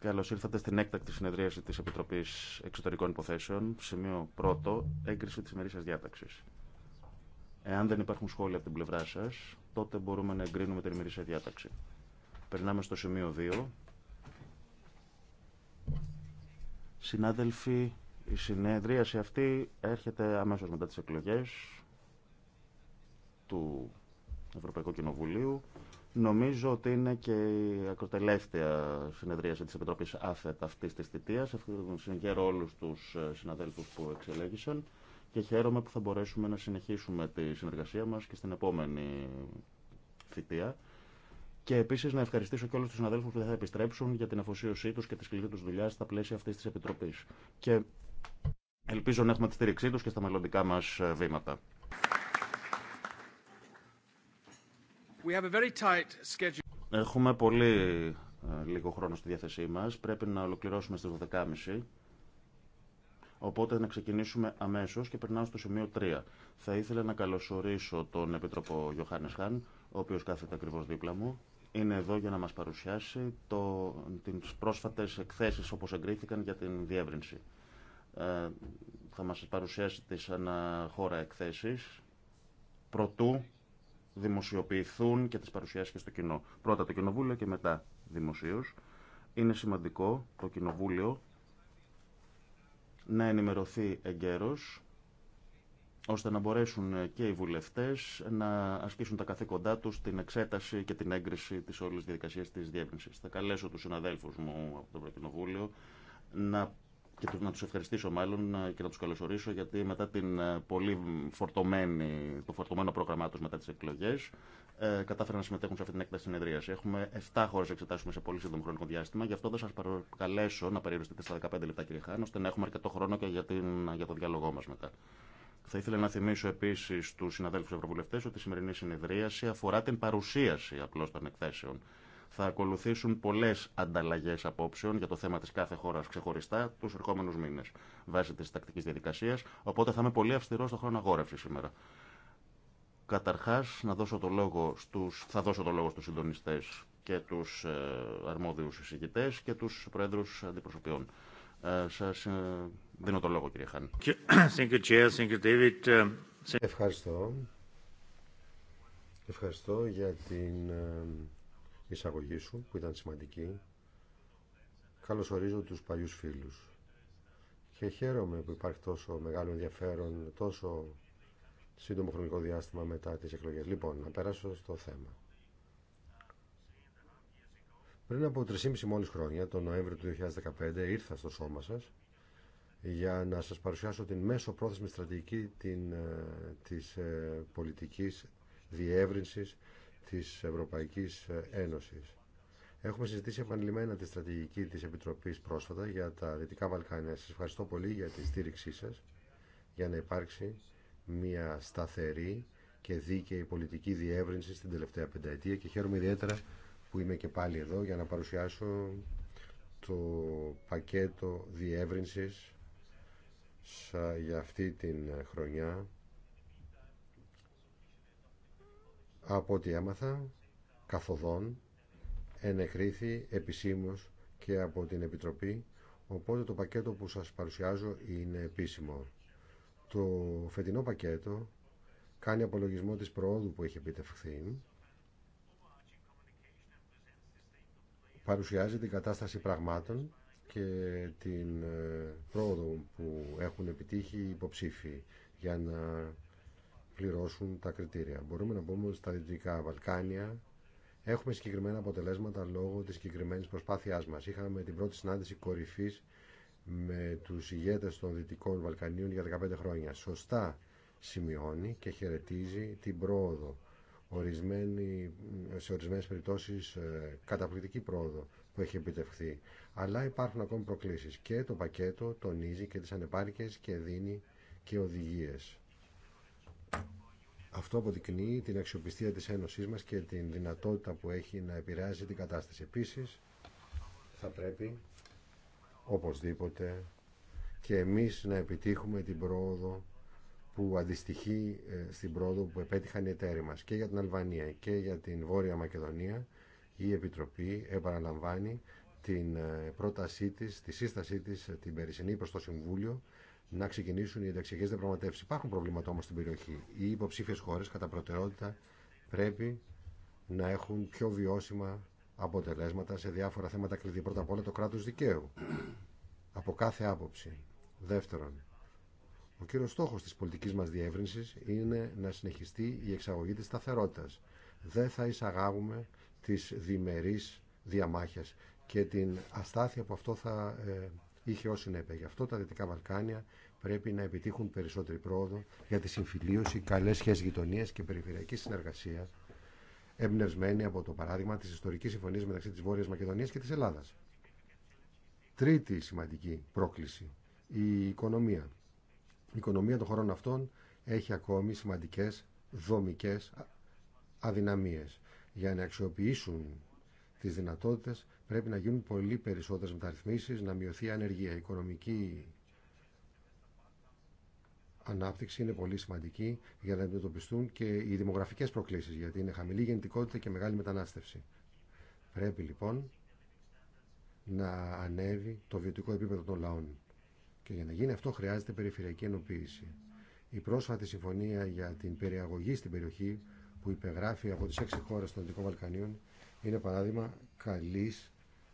Καλώ ήρθατε στην έκτακτη συνεδρίαση της Επιτροπής Εξωτερικών Υποθέσεων, σημείο πρώτο, έγκριση της ημερήσια διάταξης. Εάν δεν υπάρχουν σχόλια από την πλευρά σα, τότε μπορούμε να εγκρίνουμε την ημερήσια διάταξη. Περνάμε στο σημείο 2. Συνάδελφοι, η συνεδρίαση αυτή έρχεται αμέσως μετά τις εκλογές του Ευρωπαϊκού Κοινοβουλίου. Νομίζω ότι είναι και η ακροτελεύτια συνεδρίαση τη Επιτροπή ΑΦΕΤ αυτή τη θητεία. Συγχαίρω όλου του ε, συναδέλφου που εξελέγησαν και χαίρομαι που θα μπορέσουμε να συνεχίσουμε τη συνεργασία μα και στην επόμενη θητεία. Και επίση να ευχαριστήσω και όλου του συναδέλφου που θα επιστρέψουν για την αφοσίωσή του και τη σκληρή του δουλειά στα πλαίσια αυτή τη Επιτροπή. Και ελπίζω να έχουμε τη στήριξή του και στα μελλοντικά μα ε, βήματα. Έχουμε πολύ ε, λίγο χρόνο στη διάθεσή μας. Πρέπει να ολοκληρώσουμε στις 12.30. Οπότε να ξεκινήσουμε αμέσως και περνάω στο σημείο 3. Θα ήθελα να καλωσορίσω τον Επίτροπο Γιωχάνης Χάν, ο οποίος κάθεται ακριβώς δίπλα μου. Είναι εδώ για να μας παρουσιάσει το, τις πρόσφατες εκθέσεις όπως εγκρίθηκαν για την διεύρυνση. Ε, θα μας παρουσιάσει τις αναχώρα εκθέσεις. Πρωτού δημοσιοποιηθούν και τις παρουσιάσει και στο κοινό. Πρώτα το Κοινοβούλιο και μετά δημοσίω. Είναι σημαντικό το Κοινοβούλιο να ενημερωθεί εγκαίρως ώστε να μπορέσουν και οι βουλευτές να ασκήσουν τα καθήκοντά τους την εξέταση και την έγκριση της όλης διαδικασίας της διεύρυνσης. Θα καλέσω τους συναδέλφους μου από το Ευρωκοινοβούλιο να και να τους ευχαριστήσω μάλλον ε, και να τους καλωσορίσω γιατί μετά την ε, πολύ φορτωμένη, το φορτωμένο πρόγραμμά τους μετά τις εκλογές ε, κατάφεραν να συμμετέχουν σε αυτή την έκταση συνεδρίαση. Έχουμε 7 χώρε να εξετάσουμε σε πολύ σύντομο χρονικό διάστημα, γι' αυτό θα σα παρακαλέσω να περιοριστείτε στα 15 λεπτά, κύριε Χάν, ώστε να έχουμε αρκετό χρόνο και για, την, για το διάλογό μα μετά. Θα ήθελα να θυμίσω επίση στου συναδέλφου ευρωβουλευτέ ότι η σημερινή συνεδρίαση αφορά την παρουσίαση απλώ των εκθέσεων. Θα ακολουθήσουν πολλέ ανταλλαγέ απόψεων για το θέμα τη κάθε χώρα ξεχωριστά του ερχόμενου μήνε βάσει τη τακτική διαδικασία. Οπότε θα είμαι πολύ αυστηρό στο χρόνο αγόρευση σήμερα. Καταρχά, να δώσω το λόγο στους, θα δώσω το λόγο στου συντονιστέ και του ε, αρμόδιου και του προέδρου αντιπροσωπιών. Ε, Σα ε, δίνω το λόγο, κύριε Χάν. Ε, Ευχαριστώ. Ευχαριστώ για την ε, εισαγωγή σου που ήταν σημαντική. ορίζω τους παλιούς φίλους και χαίρομαι που υπάρχει τόσο μεγάλο ενδιαφέρον, τόσο σύντομο χρονικό διάστημα μετά τις εκλογές. Λοιπόν, να περάσω στο θέμα. Πριν από 3,5 μόλις χρόνια, τον Νοέμβριο του 2015, ήρθα στο σώμα σας για να σας παρουσιάσω την μέσο πρόθεσμη στρατηγική την, ε, της ε, πολιτικής διεύρυνσης της Ευρωπαϊκής Ένωσης. Έχουμε συζητήσει επανειλημμένα τη στρατηγική της Επιτροπής πρόσφατα για τα Δυτικά Βαλκάνια. Σας ευχαριστώ πολύ για τη στήριξή σας για να υπάρξει μια σταθερή και δίκαιη πολιτική διεύρυνση στην τελευταία πενταετία και χαίρομαι ιδιαίτερα που είμαι και πάλι εδώ για να παρουσιάσω το πακέτο διεύρυνσης ε, για αυτή την χρονιά Από ό,τι έμαθα, καθοδόν ενεκρίθη επισήμως και από την Επιτροπή, οπότε το πακέτο που σας παρουσιάζω είναι επίσημο. Το φετινό πακέτο κάνει απολογισμό της προόδου που έχει επιτευχθεί, παρουσιάζει την κατάσταση πραγμάτων και την ε, πρόοδο που έχουν επιτύχει οι υποψήφοι για να πληρώσουν τα κριτήρια. Μπορούμε να πούμε ότι στα Δυτικά Βαλκάνια έχουμε συγκεκριμένα αποτελέσματα λόγω τη συγκεκριμένη προσπάθεια μα. Είχαμε την πρώτη συνάντηση κορυφής με τους ηγέτες των Δυτικών Βαλκανίων για 15 χρόνια. Σωστά σημειώνει και χαιρετίζει την πρόοδο. Ορισμένη, σε ορισμένες περιπτώσει ε, καταπληκτική πρόοδο που έχει επιτευχθεί. Αλλά υπάρχουν ακόμη προκλήσεις και το πακέτο τονίζει και τι ανεπάρκειες και δίνει και οδηγίες. Αυτό αποδεικνύει την αξιοπιστία της Ένωσής μας και την δυνατότητα που έχει να επηρεάζει την κατάσταση. Επίσης, θα πρέπει οπωσδήποτε και εμείς να επιτύχουμε την πρόοδο που αντιστοιχεί ε, στην πρόοδο που επέτυχαν οι εταίροι μας και για την Αλβανία και για την Βόρεια Μακεδονία η Επιτροπή επαναλαμβάνει την ε, πρότασή τη, τη σύστασή τη, ε, την περσινή προ το Συμβούλιο να ξεκινήσουν οι ενταξιακέ διαπραγματεύσει. Υπάρχουν προβλήματα όμω στην περιοχή. Οι υποψήφιε χώρε κατά προτεραιότητα πρέπει να έχουν πιο βιώσιμα αποτελέσματα σε διάφορα θέματα κλειδί. Πρώτα απ' όλα το κράτο δικαίου. Από κάθε άποψη. Δεύτερον, ο κύριο στόχο τη πολιτική μα διεύρυνση είναι να συνεχιστεί η εξαγωγή τη σταθερότητα. Δεν θα εισαγάγουμε τι διμερεί διαμάχε και την αστάθεια που αυτό θα ε, είχε ως συνέπεια. Γι' αυτό τα Δυτικά Βαλκάνια πρέπει να επιτύχουν περισσότερη πρόοδο για τη συμφιλίωση, καλές σχέσεις γειτονίας και περιφερειακή συνεργασία εμπνευσμένη από το παράδειγμα της ιστορικής συμφωνίας μεταξύ της Βόρειας Μακεδονίας και της Ελλάδας. Τρίτη σημαντική πρόκληση, η οικονομία. Η οικονομία των χωρών αυτών έχει ακόμη σημαντικές δομικές αδυναμίες. Για να αξιοποιήσουν τι δυνατότητε Πρέπει να γίνουν πολύ περισσότερε μεταρρυθμίσει, να μειωθεί η ανεργία. Η οικονομική ανάπτυξη είναι πολύ σημαντική για να αντιμετωπιστούν και οι δημογραφικέ προκλήσει, γιατί είναι χαμηλή γεννητικότητα και μεγάλη μετανάστευση. Πρέπει λοιπόν να ανέβει το βιωτικό επίπεδο των λαών. Και για να γίνει αυτό χρειάζεται περιφερειακή ενοποίηση. Η πρόσφατη συμφωνία για την περιαγωγή στην περιοχή που υπεγράφει από τις έξι χώρες των Δυτικών Βαλκανίων είναι παράδειγμα καλής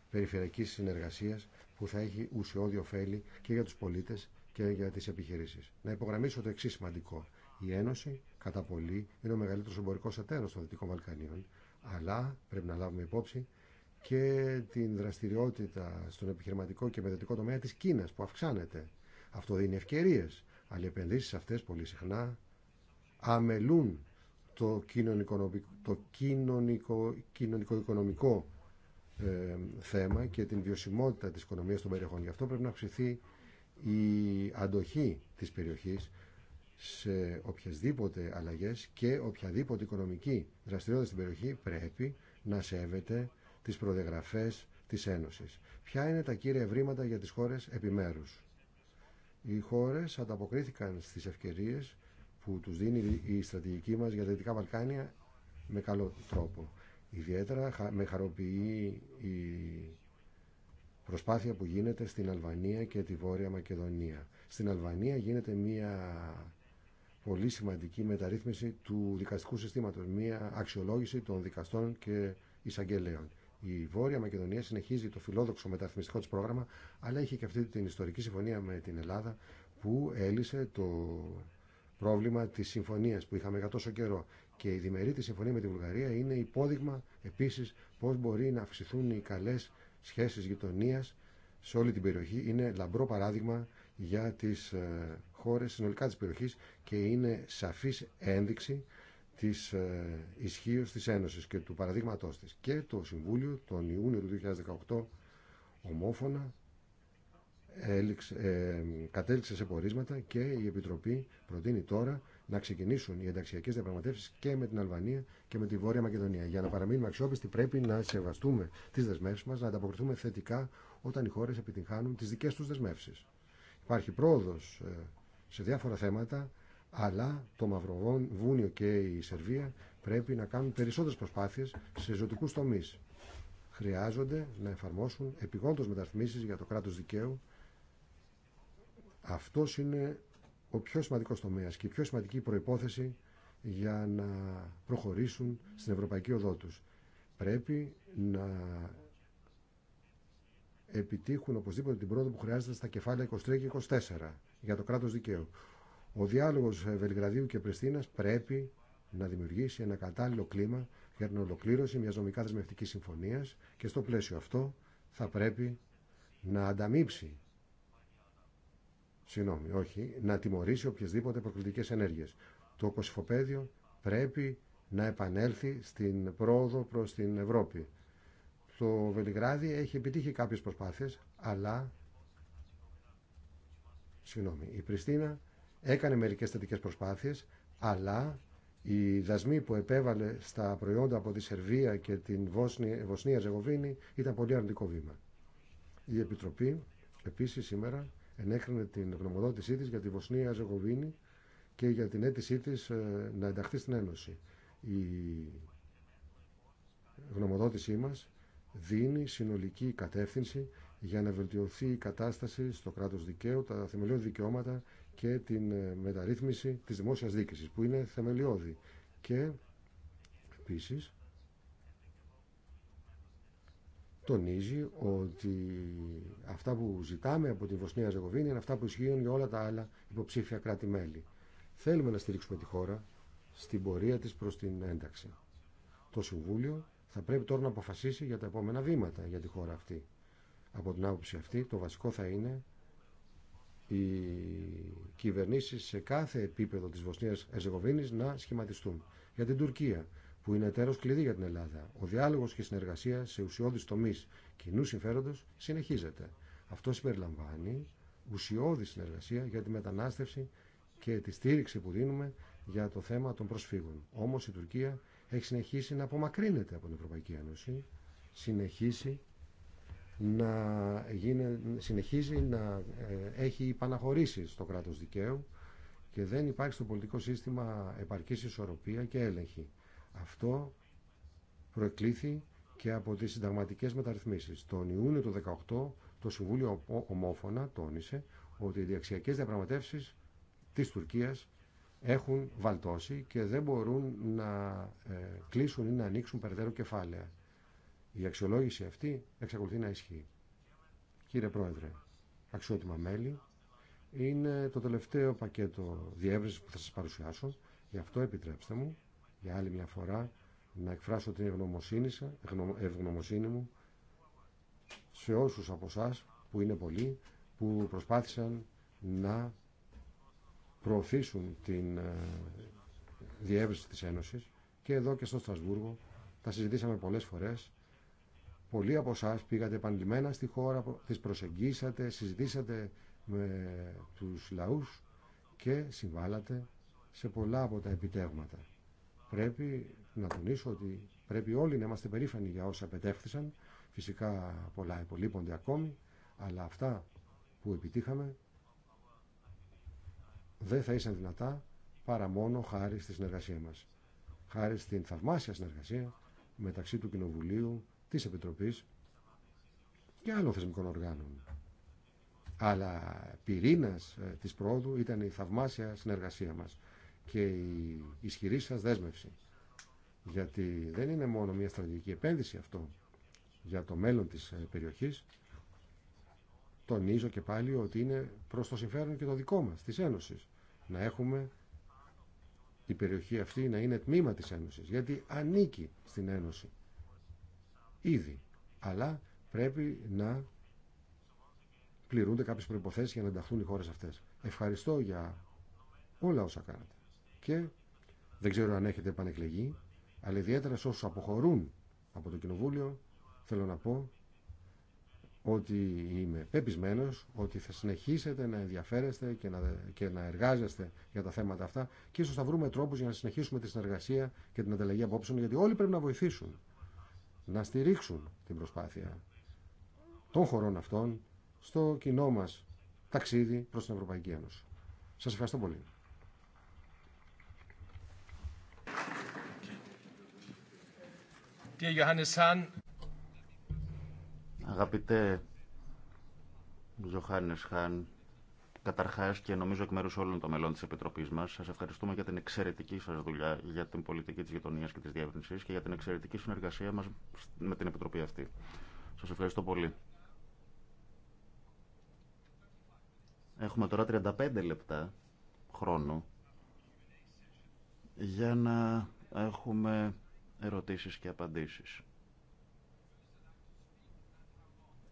περιφερειακής συνεργασίας που θα έχει ουσιώδη ωφέλη και για τους πολίτες και για τις επιχειρήσεις. Να υπογραμμίσω το εξή σημαντικό. Η Ένωση, κατά πολύ, είναι ο μεγαλύτερος εμπορικός εταίρο των Δυτικών Βαλκανίων, αλλά πρέπει να λάβουμε υπόψη και την δραστηριότητα στον επιχειρηματικό και μεδετικό τομέα τη Κίνα που αυξάνεται. Αυτό δίνει ευκαιρίε. αλλά οι επενδύσει αυτέ πολύ συχνά αμελούν το κοινωνικό, το κοινωνικο κοινωνικο-οικονομικό ε, θέμα και την βιωσιμότητα της οικονομίας των περιοχών. Γι' αυτό πρέπει να αυξηθεί η αντοχή της περιοχής σε οποιασδήποτε αλλαγές και οποιαδήποτε οικονομική δραστηριότητα στην περιοχή πρέπει να σέβεται τις προδιαγραφές της Ένωσης. Ποια είναι τα κύρια ευρήματα για τις χώρες επιμέρους. Οι χώρες ανταποκρίθηκαν στις ευκαιρίες που τους δίνει η στρατηγική μας για τα Δυτικά Βαλκάνια με καλό τρόπο. Ιδιαίτερα με χαροποιεί η προσπάθεια που γίνεται στην Αλβανία και τη Βόρεια Μακεδονία. Στην Αλβανία γίνεται μια πολύ σημαντική μεταρρύθμιση του δικαστικού συστήματος, μια αξιολόγηση των δικαστών και εισαγγελέων. Η Βόρεια Μακεδονία συνεχίζει το φιλόδοξο μεταρρυθμιστικό της πρόγραμμα, αλλά έχει και αυτή την ιστορική συμφωνία με την Ελλάδα που έλυσε το πρόβλημα τη συμφωνία που είχαμε για τόσο καιρό. Και η διμερή τη συμφωνία με τη Βουλγαρία είναι υπόδειγμα επίση πώ μπορεί να αυξηθούν οι καλέ σχέσει γειτονία σε όλη την περιοχή. Είναι λαμπρό παράδειγμα για τι ε, χώρε συνολικά τη περιοχή και είναι σαφή ένδειξη τη ε, ισχύω τη Ένωση και του παραδείγματό τη. Και το Συμβούλιο τον Ιούνιο του 2018 ομόφωνα ε, κατέληξε σε πορίσματα και η Επιτροπή προτείνει τώρα να ξεκινήσουν οι ενταξιακέ διαπραγματεύσει και με την Αλβανία και με τη Βόρεια Μακεδονία. Για να παραμείνουμε αξιόπιστοι, πρέπει να σεβαστούμε τι δεσμεύσει μα, να ανταποκριθούμε θετικά όταν οι χώρε επιτυγχάνουν τι δικέ του δεσμεύσει. Υπάρχει πρόοδο ε, σε διάφορα θέματα, αλλά το Μαυροβούνιο και η Σερβία πρέπει να κάνουν περισσότερε προσπάθειε σε ζωτικού τομεί. Χρειάζονται να εφαρμόσουν επιγόντω μεταρρυθμίσει για το κράτο δικαίου αυτός είναι ο πιο σημαντικός τομέας και η πιο σημαντική προϋπόθεση για να προχωρήσουν στην ευρωπαϊκή οδό τους. Πρέπει να επιτύχουν οπωσδήποτε την πρόοδο που χρειάζεται στα κεφάλαια 23 και 24 για το κράτος δικαίου. Ο διάλογος Βελιγραδίου και Πρεστίνας πρέπει να δημιουργήσει ένα κατάλληλο κλίμα για την ολοκλήρωση μιας νομικά δεσμευτικής συμφωνίας και στο πλαίσιο αυτό θα πρέπει να ανταμείψει συγγνώμη, όχι, να τιμωρήσει οποιασδήποτε προκλητικές ενέργειες. Το κοσυφοπαίδιο πρέπει να επανέλθει στην πρόοδο προ την Ευρώπη. Το Βελιγράδι έχει επιτύχει κάποιε προσπάθειες, αλλά συγγνώμη, η Πριστίνα έκανε μερικές θετικέ προσπάθειες, αλλά οι δασμοί που επέβαλε στα προϊόντα από τη Σερβία και την Βοσνία-Ζεγοβίνη ήταν πολύ αρνητικό βήμα. Η Επιτροπή επίση σήμερα ενέχρινε την γνωμοδότησή της για τη Βοσνία Ζεγοβίνη και για την αίτησή της ε, να ενταχθεί στην Ένωση. Η γνωμοδότησή μας δίνει συνολική κατεύθυνση για να βελτιωθεί η κατάσταση στο κράτος δικαίου, τα θεμελιώδη δικαιώματα και την ε, μεταρρύθμιση της δημόσιας δίκησης που είναι θεμελιώδη. Και επίσης τονίζει ότι αυτά που ζητάμε από την Βοσνία Ζεγοβίνη είναι αυτά που ισχύουν για όλα τα άλλα υποψήφια κράτη-μέλη. Θέλουμε να στηρίξουμε τη χώρα στην πορεία της προς την ένταξη. Το Συμβούλιο θα πρέπει τώρα να αποφασίσει για τα επόμενα βήματα για τη χώρα αυτή. Από την άποψη αυτή το βασικό θα είναι οι κυβερνήσεις σε κάθε επίπεδο της Βοσνίας Ερζεγοβίνης να σχηματιστούν. Για την Τουρκία που είναι εταίρο κλειδί για την Ελλάδα. Ο διάλογο και η συνεργασία σε ουσιώδει τομεί κοινού συμφέροντο συνεχίζεται. Αυτό συμπεριλαμβάνει ουσιώδη συνεργασία για τη μετανάστευση και τη στήριξη που δίνουμε για το θέμα των προσφύγων. Όμω η Τουρκία έχει συνεχίσει να απομακρύνεται από την Ευρωπαϊκή Ένωση, συνεχίσει να συνεχίζει να ε, έχει υπαναχωρήσει στο κράτος δικαίου και δεν υπάρχει στο πολιτικό σύστημα επαρκής ισορροπία και έλεγχη. Αυτό προεκλήθη και από τις συνταγματικές μεταρρυθμίσεις. Τον Ιούνιο του 2018 το Συμβούλιο ομόφωνα τόνισε ότι οι διαξιακές διαπραγματεύσεις της Τουρκίας έχουν βαλτώσει και δεν μπορούν να ε, κλείσουν ή να ανοίξουν περαιτέρω κεφάλαια. Η αξιολόγηση αυτή εξακολουθεί να ισχύει. Κύριε Πρόεδρε, αξιότιμα μέλη, είναι το τελευταίο πακέτο διεύρυνσης που θα σας παρουσιάσω. Γι' αυτό επιτρέψτε μου για άλλη μια φορά να εκφράσω την ευγνωμοσύνη μου σε όσους από εσά που είναι πολλοί που προσπάθησαν να προωθήσουν την ε, διεύρυνση της Ένωσης και εδώ και στο Στρασβούργο τα συζητήσαμε πολλές φορές πολλοί από εσά πήγατε επανειλημμένα στη χώρα τις προσεγγίσατε, συζητήσατε με τους λαούς και συμβάλατε σε πολλά από τα επιτεύγματα Πρέπει να τονίσω ότι πρέπει όλοι να είμαστε περήφανοι για όσα πετεύχθησαν. Φυσικά πολλά υπολείπονται ακόμη, αλλά αυτά που επιτύχαμε δεν θα ήσαν δυνατά παρά μόνο χάρη στη συνεργασία μας. Χάρη στην θαυμάσια συνεργασία μεταξύ του Κοινοβουλίου, της Επιτροπής και άλλων θεσμικών οργάνων. Αλλά πυρήνας ε, της πρόοδου ήταν η θαυμάσια συνεργασία μας και η ισχυρή σας δέσμευση. Γιατί δεν είναι μόνο μια στρατηγική επένδυση αυτό για το μέλλον της ε, περιοχής. Τονίζω και πάλι ότι είναι προς το συμφέρον και το δικό μας, της Ένωσης. Να έχουμε η περιοχή αυτή να είναι τμήμα της Ένωσης. Γιατί ανήκει στην Ένωση. Ήδη. Αλλά πρέπει να πληρούνται κάποιες προϋποθέσεις για να ενταχθούν οι χώρες αυτές. Ευχαριστώ για όλα όσα κάνατε και δεν ξέρω αν έχετε επανεκλεγεί, αλλά ιδιαίτερα σε όσους αποχωρούν από το Κοινοβούλιο, θέλω να πω ότι είμαι πεπισμένος ότι θα συνεχίσετε να ενδιαφέρεστε και να, και να εργάζεστε για τα θέματα αυτά και ίσως θα βρούμε τρόπους για να συνεχίσουμε τη συνεργασία και την ανταλλαγή απόψεων γιατί όλοι πρέπει να βοηθήσουν, να στηρίξουν την προσπάθεια των χωρών αυτών στο κοινό μας ταξίδι προς την Ευρωπαϊκή Ένωση. Σας ευχαριστώ πολύ. Johannes Hahn. Αγαπητέ Ζωχάνες Χάν, καταρχάς και νομίζω εκ μέρους όλων των μελών της Επιτροπής μας, σας ευχαριστούμε για την εξαιρετική σας δουλειά για την πολιτική της γειτονίας και της διεύρυνσης και για την εξαιρετική συνεργασία μας με την Επιτροπή αυτή. Σας ευχαριστώ πολύ. Έχουμε τώρα 35 λεπτά χρόνο για να έχουμε ερωτήσεις και απαντήσεις.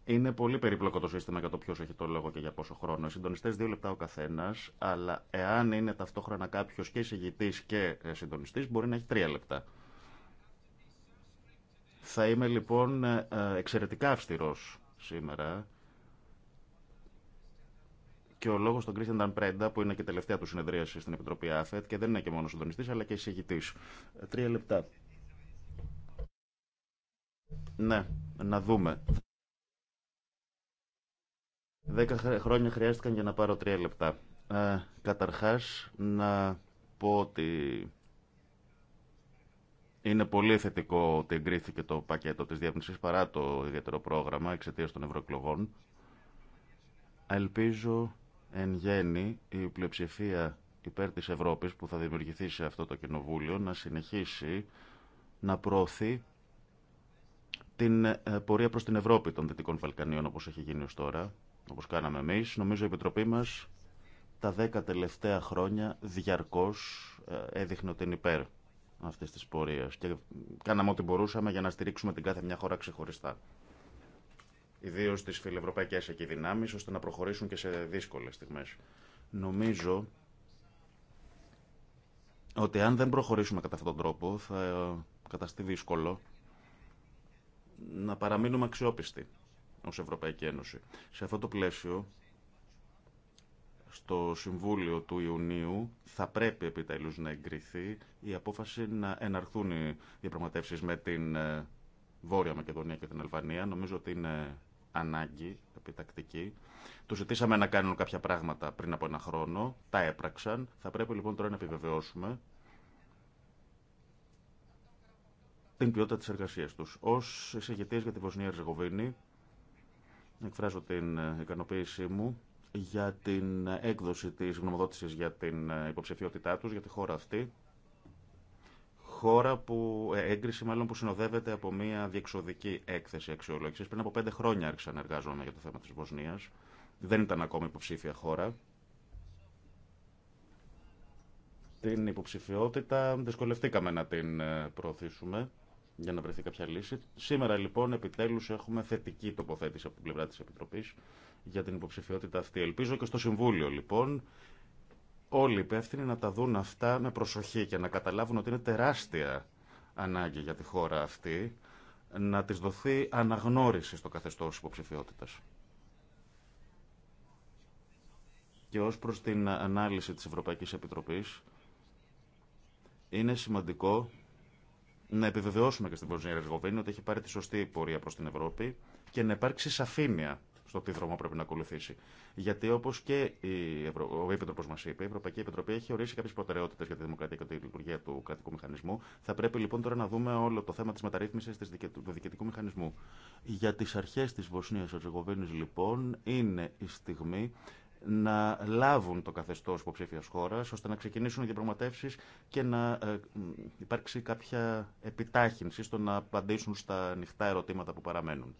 Είναι πολύ περίπλοκο το σύστημα για το ποιο έχει το λόγο και για πόσο χρόνο. συντονιστέ δύο λεπτά ο καθένα, αλλά εάν είναι ταυτόχρονα κάποιο και εισηγητή και ε, συντονιστή, μπορεί να έχει τρία λεπτά. Θα είμαι λοιπόν ε, ε, εξαιρετικά αυστηρό σήμερα. Και ο λόγο των Κρίστιαν Πρέντα, που είναι και τελευταία του συνεδρίαση στην Επιτροπή ΑΦΕΤ και δεν είναι και μόνο συντονιστή, αλλά και εισηγητή. Τρία λεπτά. Ναι, να δούμε. Δέκα χρόνια χρειάστηκαν για να πάρω τρία λεπτά. Ε, καταρχάς, να πω ότι είναι πολύ θετικό ότι εγκρίθηκε το πακέτο της διεύθυνσης παρά το ιδιαίτερο πρόγραμμα εξαιτίας των ευρωεκλογών. Ελπίζω εν γέννη η πλειοψηφία υπέρ της Ευρώπης που θα δημιουργηθεί σε αυτό το κοινοβούλιο να συνεχίσει να προωθεί την ε, πορεία προς την Ευρώπη των Δυτικών Βαλκανίων όπως έχει γίνει ως τώρα, όπως κάναμε εμείς. Νομίζω η Επιτροπή μας τα δέκα τελευταία χρόνια διαρκώς ε, έδειχνε ότι είναι υπέρ αυτής της πορείας και κάναμε ό,τι μπορούσαμε για να στηρίξουμε την κάθε μια χώρα ξεχωριστά. Ιδίω τι φιλευρωπαϊκέ εκεί δυνάμει, ώστε να προχωρήσουν και σε δύσκολε στιγμέ. Νομίζω ότι αν δεν προχωρήσουμε κατά αυτόν τον τρόπο, θα ε, καταστεί δύσκολο να παραμείνουμε αξιόπιστοι ως Ευρωπαϊκή Ένωση. Σε αυτό το πλαίσιο, στο Συμβούλιο του Ιουνίου θα πρέπει επιτέλους να εγκριθεί η απόφαση να εναρθούν οι διαπραγματεύσεις με την ε, Βόρεια Μακεδονία και την Αλβανία. Νομίζω ότι είναι ανάγκη, επιτακτική. Του ζητήσαμε να κάνουν κάποια πράγματα πριν από ένα χρόνο, τα έπραξαν. Θα πρέπει λοιπόν τώρα να επιβεβαιώσουμε την ποιότητα της εργασίας τους. Ως εισηγητής για τη Βοσνία Ριζεγοβίνη, εκφράζω την ε, ικανοποίησή μου για την ε, έκδοση της γνωμοδότησης για την ε, υποψηφιότητά τους για τη χώρα αυτή. Χώρα που, έγκριση μάλλον που συνοδεύεται από μια διεξοδική έκθεση αξιολόγησης. Πριν από πέντε χρόνια άρχισα να εργάζομαι για το θέμα της Βοσνίας. Δεν ήταν ακόμη υποψήφια χώρα. Την υποψηφιότητα δυσκολευτήκαμε να την προωθήσουμε για να βρεθεί κάποια λύση. Σήμερα λοιπόν επιτέλους έχουμε θετική τοποθέτηση από την πλευρά της Επιτροπής για την υποψηφιότητα αυτή. Ελπίζω και στο Συμβούλιο λοιπόν όλοι οι υπεύθυνοι να τα δουν αυτά με προσοχή και να καταλάβουν ότι είναι τεράστια ανάγκη για τη χώρα αυτή να της δοθεί αναγνώριση στο καθεστώς υποψηφιότητας. Και ως προς την ανάλυση της Ευρωπαϊκής Επιτροπής είναι σημαντικό να επιβεβαιώσουμε και στην Βοσνία Ερζεγοβίνη ότι έχει πάρει τη σωστή πορεία προ την Ευρώπη και να υπάρξει σαφήνεια στο τι δρόμο πρέπει να ακολουθήσει. Γιατί όπω και η Ευρω... ο Επίτροπο μα είπε, η Ευρωπαϊκή Επιτροπή έχει ορίσει κάποιε προτεραιότητε για τη δημοκρατία και τη λειτουργία του κρατικού μηχανισμού. Θα πρέπει λοιπόν τώρα να δούμε όλο το θέμα τη μεταρρύθμιση του διοικητικού μηχανισμού. Για τι αρχέ τη Βοσνία Ερζεγοβίνη, λοιπόν, είναι η στιγμή να λάβουν το καθεστώ υποψήφια χώρα ώστε να ξεκινήσουν οι διαπραγματεύσει και να ε, υπάρξει κάποια επιτάχυνση στο να απαντήσουν στα ανοιχτά ερωτήματα που παραμένουν.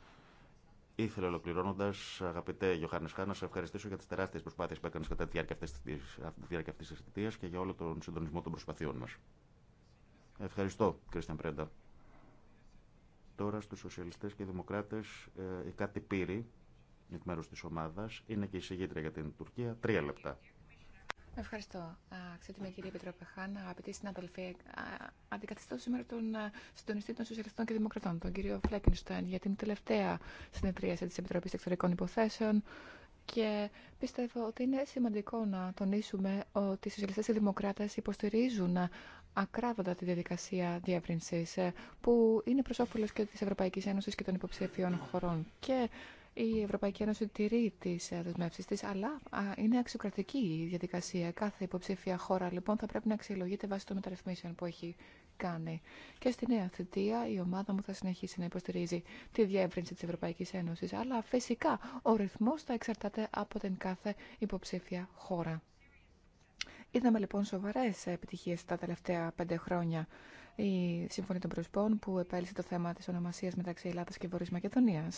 Ήθελα ολοκληρώνοντα, αγαπητέ Γιωχάνη Χάνα, να σε ευχαριστήσω για τι τεράστιε προσπάθειε που έκανε κατά τη διάρκεια αυτή τη θητεία και για όλο τον συντονισμό των προσπαθειών μα. Ευχαριστώ, Κρίστιαν Πρέντα. Τώρα στου σοσιαλιστέ και δημοκράτε, ε, η Κάτι Πύρη, εκ μέρου τη ομάδα. Είναι και η συγγήτρια για την Τουρκία. Τρία λεπτά. Ευχαριστώ. Αξιότιμη κυρία Πιτρόπεχάν, Πεχάν, αγαπητοί συνάδελφοι. Αντικαθιστώ σήμερα τον συντονιστή των Σοσιαλιστών και Δημοκρατών, τον κύριο Φλέκινστον, για την τελευταία συνεδρίαση τη Επιτροπή Εξωτερικών Υποθέσεων. Και πιστεύω ότι είναι σημαντικό να τονίσουμε ότι οι Σοσιαλιστέ και οι Δημοκράτες υποστηρίζουν ακράδαντα τη διαδικασία διεύρυνση, ε, που είναι προ όφελο και τη Ευρωπαϊκή Ένωση και των υποψηφίων χωρών. Και η Ευρωπαϊκή Ένωση τηρεί τι ε, δεσμεύσει τη, αλλά είναι αξιοκρατική η διαδικασία. Κάθε υποψήφια χώρα λοιπόν θα πρέπει να αξιολογείται βάσει των μεταρρυθμίσεων που έχει κάνει. Και στη νέα θητεία η ομάδα μου θα συνεχίσει να υποστηρίζει τη διεύρυνση τη Ευρωπαϊκή Ένωση, αλλά φυσικά ο ρυθμό θα εξαρτάται από την κάθε υποψήφια χώρα. Είδαμε λοιπόν σοβαρέ επιτυχίε τα τελευταία πέντε χρόνια. Η συμφωνή των Προσπών που επέλυσε το θέμα τη ονομασία μεταξύ Ελλάδα και Βορρή Μακεδονία.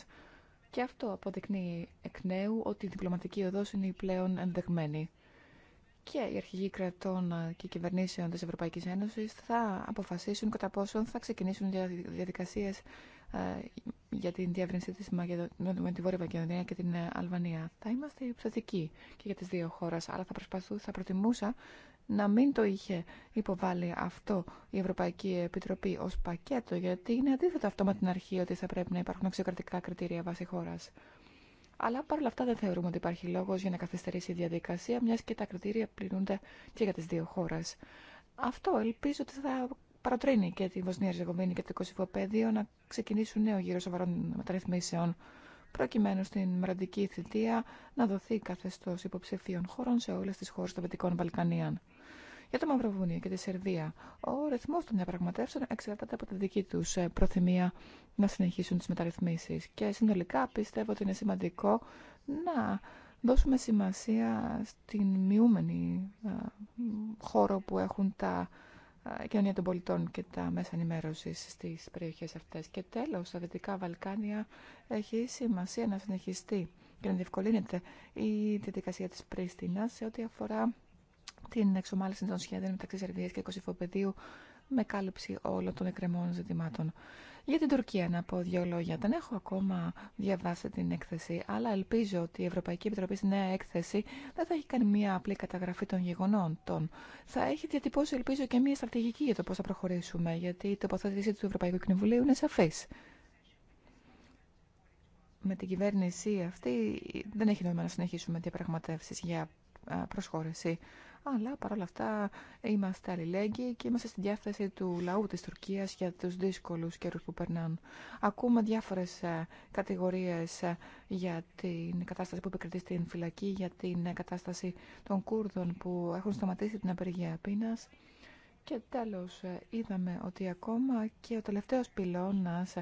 Και αυτό αποδεικνύει εκ νέου ότι η διπλωματική οδός είναι η πλέον ενδεγμένη. Και οι αρχηγοί κρατών και κυβερνήσεων της Ευρωπαϊκής Ένωσης θα αποφασίσουν κατά πόσον θα ξεκινήσουν διαδικασίες ε, για την διαβρύνση της με τη Βόρεια Μακεδονία και την ε, Αλβανία. Θα είμαστε υποθετικοί και για τις δύο χώρες, αλλά θα, προσπαθού, θα προτιμούσα να μην το είχε υποβάλει αυτό η Ευρωπαϊκή Επιτροπή ως πακέτο, γιατί είναι αντίθετο αυτό με την αρχή ότι θα πρέπει να υπάρχουν αξιοκρατικά κριτήρια βάση χώρας. Αλλά παρ' όλα αυτά δεν θεωρούμε ότι υπάρχει λόγος για να καθυστερήσει η διαδικασία, μιας και τα κριτήρια πληρούνται και για τις δύο χώρες. Αυτό ελπίζω ότι θα παρατρύνει και τη Βοσνία Ριζεγοβίνη και το Κωσυφοπέδιο να ξεκινήσουν νέο γύρο σοβαρών μεταρρυθμίσεων προκειμένου στην μεραντική θητεία να δοθεί καθεστώς υποψηφίων χωρών σε όλες τις χώρες των Βετικών Βαλκανίων. Για το Μαυροβούνιο και τη Σερβία, ο ρυθμός των διαπραγματεύσεων εξαρτάται από τη δική τους ε, προθυμία να συνεχίσουν τις μεταρρυθμίσεις. Και συνολικά πιστεύω ότι είναι σημαντικό να δώσουμε σημασία στην μειούμενη ε, χώρο που έχουν τα ε, κοινωνία των πολιτών και τα μέσα ενημέρωση στι περιοχέ αυτέ. Και τέλο, στα Δυτικά Βαλκάνια έχει σημασία να συνεχιστεί και να διευκολύνεται η διαδικασία τη Πρίστινα σε ό,τι αφορά την εξομάλυση των σχέδιων μεταξύ σερβία και Κωσυφοπεδίου με κάλυψη όλων των εκκρεμών ζητημάτων. Για την Τουρκία να πω δύο λόγια. Δεν έχω ακόμα διαβάσει την έκθεση, αλλά ελπίζω ότι η Ευρωπαϊκή Επιτροπή στη νέα έκθεση δεν θα έχει κάνει μία απλή καταγραφή των γεγονών Θα έχει διατυπώσει, ελπίζω, και μία στρατηγική για το πώ θα προχωρήσουμε, γιατί η τοποθέτηση του Ευρωπαϊκού Κοινοβουλίου είναι σαφή. Με την κυβέρνηση αυτή δεν έχει νόημα να συνεχίσουμε διαπραγματεύσει για προσχώρηση αλλά παρόλα αυτά είμαστε αλληλέγγυοι και είμαστε στη διάθεση του λαού της Τουρκίας για τους δύσκολους καιρούς που περνάνε. Ακούμε διάφορες ε, κατηγορίες ε, για την κατάσταση που επικρατεί στην φυλακή, για την κατάσταση των Κούρδων που έχουν σταματήσει την απεργία πείνας. Και τέλος ε, είδαμε ότι ακόμα και ο τελευταίος πυλώνας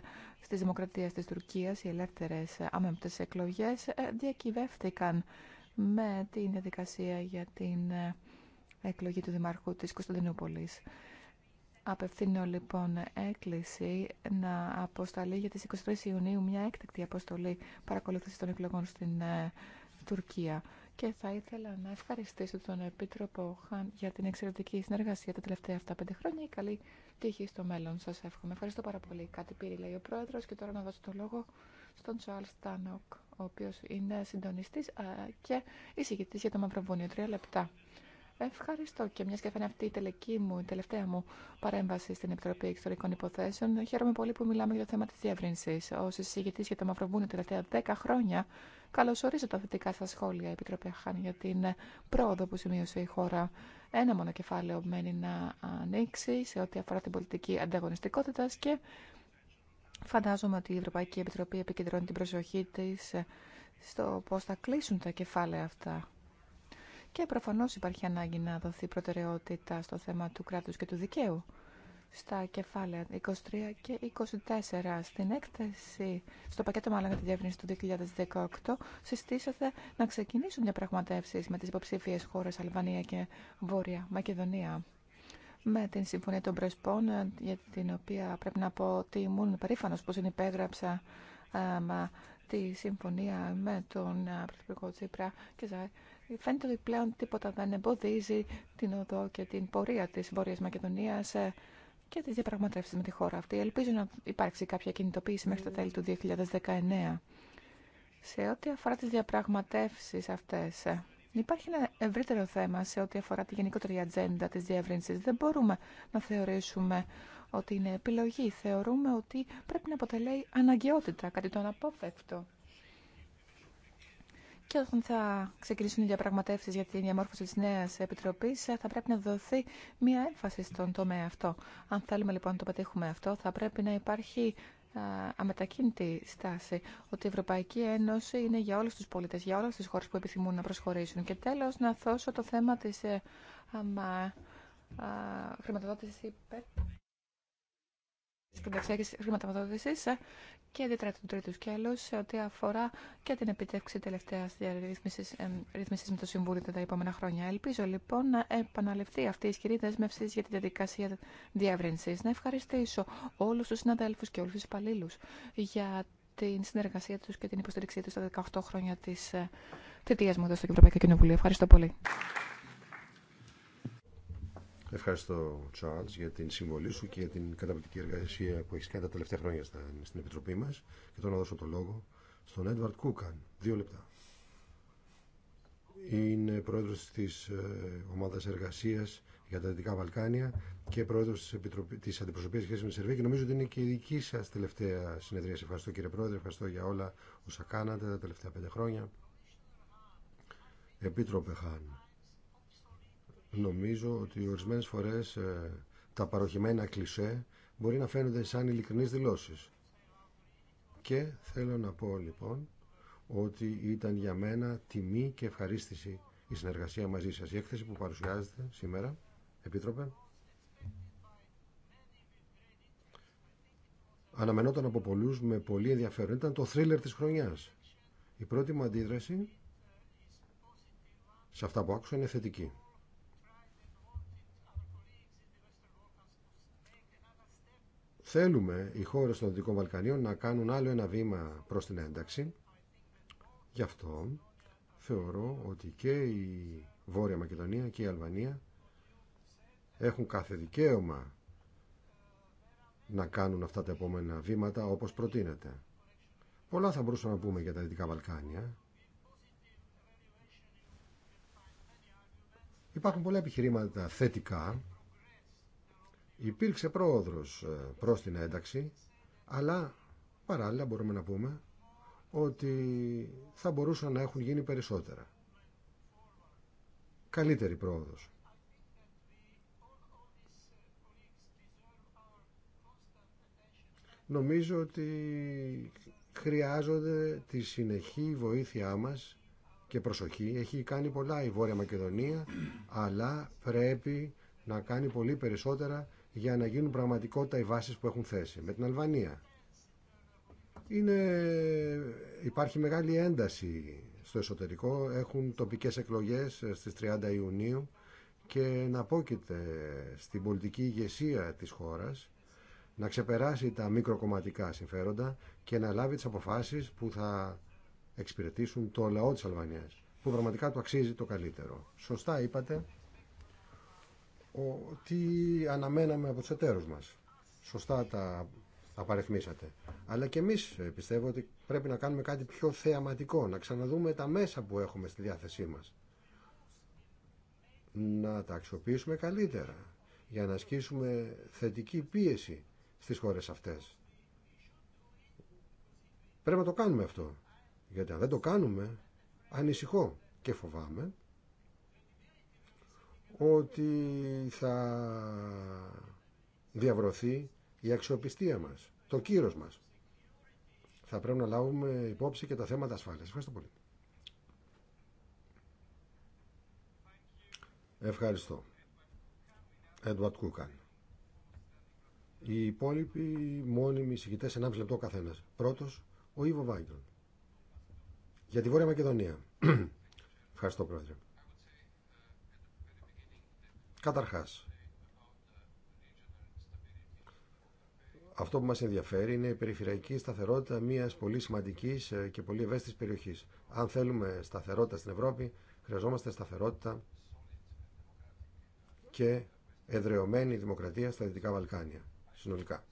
στις δημοκρατίες της Τουρκίας, οι ελεύθερες άμεμπτες εκλογές, διακυβεύτηκαν με την διαδικασία για την εκλογή του Δημάρχου της Κωνσταντινούπολης. Απευθύνω λοιπόν έκκληση να αποσταλεί για τις 23 Ιουνίου μια έκτακτη αποστολή παρακολούθηση των εκλογών στην ε, Τουρκία. Και θα ήθελα να ευχαριστήσω τον Επίτροπο Χαν για την εξαιρετική συνεργασία τα τελευταία αυτά πέντε χρόνια και καλή τύχη στο μέλλον. Σας εύχομαι. Ευχαριστώ πάρα πολύ. Κάτι πήρε, λέει ο Πρόεδρος, και τώρα να δώσω το λόγο στον Τσάρλ Στανοκ, ο οποίος είναι συντονιστής ε, και εισηγητής για το Μαυροβούνιο. Τρία λεπτά. Ευχαριστώ και μια και θα αυτή η τελική μου, η τελευταία μου παρέμβαση στην Επιτροπή Εξωτερικών Υποθέσεων. Χαίρομαι πολύ που μιλάμε για το θέμα τη διεύρυνση. Ω εισηγητή για το Μαυροβούνιο τελευταία δέκα χρόνια, καλωσορίζω τα θετικά σα σχόλια, Επιτροπή Αχάν, για την πρόοδο που σημείωσε η χώρα. Ένα μόνο κεφάλαιο μένει να ανοίξει σε ό,τι αφορά την πολιτική ανταγωνιστικότητα και φαντάζομαι ότι η Ευρωπαϊκή Επιτροπή επικεντρώνει την προσοχή τη στο πώ θα κλείσουν τα κεφάλαια αυτά και προφανώς υπάρχει ανάγκη να δοθεί προτεραιότητα στο θέμα του κράτους και του δικαίου στα κεφάλαια 23 και 24. Στην έκθεση, στο πακέτο μάλλον για τη διεύρυνση του 2018, συστήσατε να ξεκινήσουν διαπραγματεύσει με τις υποψήφιες χώρες Αλβανία και Βόρεια Μακεδονία. Με την Συμφωνία των Πρεσπών, για την οποία πρέπει να πω ότι ήμουν περήφανος που συνυπέγραψα ε, τη συμφωνία με τον ε, Πρωθυπουργό Τσίπρα και φαίνεται ότι πλέον τίποτα δεν εμποδίζει την οδό και την πορεία της Βόρειας Μακεδονίας ε, και τις διαπραγματεύσεις με τη χώρα αυτή. Ελπίζω να υπάρξει κάποια κινητοποίηση μέχρι το τέλη του 2019. Σε ό,τι αφορά τις διαπραγματεύσεις αυτές, ε, υπάρχει ένα ευρύτερο θέμα σε ό,τι αφορά τη γενικότερη ατζέντα της διεύρυνσης. Δεν μπορούμε να θεωρήσουμε ότι είναι επιλογή. Θεωρούμε ότι πρέπει να αποτελεί αναγκαιότητα, κάτι το αναπόφευκτο και όταν θα ξεκινήσουν οι διαπραγματεύσει για τη διαμόρφωση τη νέα επιτροπή, ε, θα πρέπει να δοθεί μία έμφαση στον τομέα αυτό. Αν θέλουμε λοιπόν να το πετύχουμε αυτό, θα πρέπει να υπάρχει αμετακίνητη στάση ότι η Ευρωπαϊκή Ένωση είναι για όλους τους πολίτες, για όλες τις χώρες που επιθυμούν να προσχωρήσουν. Και τέλος, να δώσω το θέμα της χρηματοδότηση. Ε, χρηματοδότησης συνταξιακής χρηματοδότησης ε, και ιδιαίτερα του τρίτου σκέλους σε ό,τι αφορά και την επιτεύξη τελευταίας διαρρύθμισης ε, με το Συμβούλιο τα επόμενα χρόνια. Ελπίζω λοιπόν να επαναληφθεί αυτή η ισχυρή δέσμευση για τη διαδικασία διεύρυνσης. Να ευχαριστήσω όλους τους συναδέλφους και όλους τους υπαλλήλου για την συνεργασία τους και την υποστήριξή τους στα 18 χρόνια της ε, θητείας μου εδώ στο Ευρωπαϊκό Κοινοβούλιο. Ευχαριστώ πολύ. Ευχαριστώ, Τσάρλ, για την συμβολή σου και για την καταπληκτική εργασία που έχει κάνει τα τελευταία χρόνια στην Επιτροπή μα. Και τώρα να δώσω το λόγο στον Έντουαρτ Κούκαν. Δύο λεπτά. Είναι πρόεδρος της ε, ομάδα εργασία για τα Δυτικά Βαλκάνια και πρόεδρο τη αντιπροσωπη σχέση με τη Σερβία και νομίζω ότι είναι και η δική σα τελευταία συνεδρία. Ευχαριστώ κύριε πρόεδρε, ευχαριστώ για όλα όσα κάνατε τα τελευταία πέντε χρόνια. Επίτροπε Χάν, νομίζω ότι ορισμένες φορές ε, τα παροχημένα κλισέ μπορεί να φαίνονται σαν ειλικρινείς δηλώσει. Και θέλω να πω λοιπόν ότι ήταν για μένα τιμή και ευχαρίστηση η συνεργασία μαζί σας. Η έκθεση που παρουσιάζεται σήμερα, Επίτροπε, αναμενόταν από πολλούς με πολύ ενδιαφέρον. Ήταν το θρίλερ της χρονιάς. Η πρώτη μου αντίδραση σε αυτά που άκουσα είναι θετική. Θέλουμε οι χώρε των Δυτικών Βαλκανίων να κάνουν άλλο ένα βήμα προς την ένταξη. Γι' αυτό θεωρώ ότι και η Βόρεια Μακεδονία και η Αλβανία έχουν κάθε δικαίωμα να κάνουν αυτά τα επόμενα βήματα όπως προτείνεται. Πολλά θα μπορούσαμε να πούμε για τα Δυτικά Βαλκάνια. Υπάρχουν πολλά επιχειρήματα θετικά Υπήρξε πρόοδρος ε, προς την ένταξη, αλλά παράλληλα μπορούμε να πούμε ότι θα μπορούσαν να έχουν γίνει περισσότερα. Καλύτερη πρόοδος. Νομίζω ότι χρειάζονται τη συνεχή βοήθειά μας και προσοχή. Έχει κάνει πολλά η Βόρεια Μακεδονία, αλλά πρέπει να κάνει πολύ περισσότερα για να γίνουν πραγματικότητα οι βάσεις που έχουν θέσει. Με την Αλβανία είναι, υπάρχει μεγάλη ένταση στο εσωτερικό. Έχουν τοπικές εκλογές ε, στις 30 Ιουνίου και να πόκειται ε, στην πολιτική ηγεσία της χώρας να ξεπεράσει τα μικροκομματικά συμφέροντα και να λάβει τις αποφάσεις που θα εξυπηρετήσουν το λαό της Αλβανίας, που πραγματικά του αξίζει το καλύτερο. Σωστά είπατε ο, τι αναμέναμε από τους εταίρους μας. Σωστά τα απαριθμίσατε. Αλλά και εμείς ε, πιστεύω ότι πρέπει να κάνουμε κάτι πιο θεαματικό, να ξαναδούμε τα μέσα που έχουμε στη διάθεσή μας. Να τα αξιοποιήσουμε καλύτερα, για να ασκήσουμε θετική πίεση στις χώρες αυτές. Πρέπει να το κάνουμε αυτό. Γιατί αν δεν το κάνουμε, ανησυχώ και φοβάμαι ότι θα διαβρωθεί η αξιοπιστία μας, το κύρος μας. Θα πρέπει να λάβουμε υπόψη και τα θέματα ασφάλειας. Ευχαριστώ πολύ. Ευχαριστώ. Έντουαρτ Κούκαν. Οι υπόλοιποι μόνιμοι συγκητές 1,5 λεπτό καθένας. Πρώτος, ο Ιβο Για τη Βόρεια Μακεδονία. Ευχαριστώ, Πρόεδρε. Καταρχάς, αυτό που μας ενδιαφέρει είναι η περιφερειακή σταθερότητα μιας πολύ σημαντικής ε, και πολύ ευαίσθητης περιοχής. Αν θέλουμε σταθερότητα στην Ευρώπη, χρειαζόμαστε σταθερότητα και εδρεωμένη δημοκρατία στα Δυτικά Βαλκάνια, συνολικά.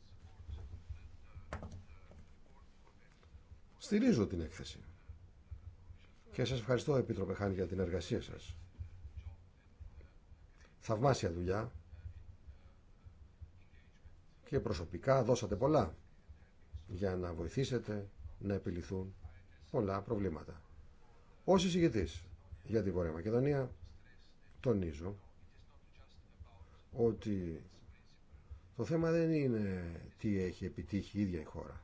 Στηρίζω την έκθεση. Και σας ευχαριστώ, Επίτροπε Χάν, για την εργασία σας. Θαυμάσια δουλειά. Και προσωπικά δώσατε πολλά για να βοηθήσετε να επιληθούν πολλά προβλήματα. Ως εισηγητής για την Βόρεια Μακεδονία τονίζω ότι το θέμα δεν είναι τι έχει επιτύχει η ίδια η χώρα.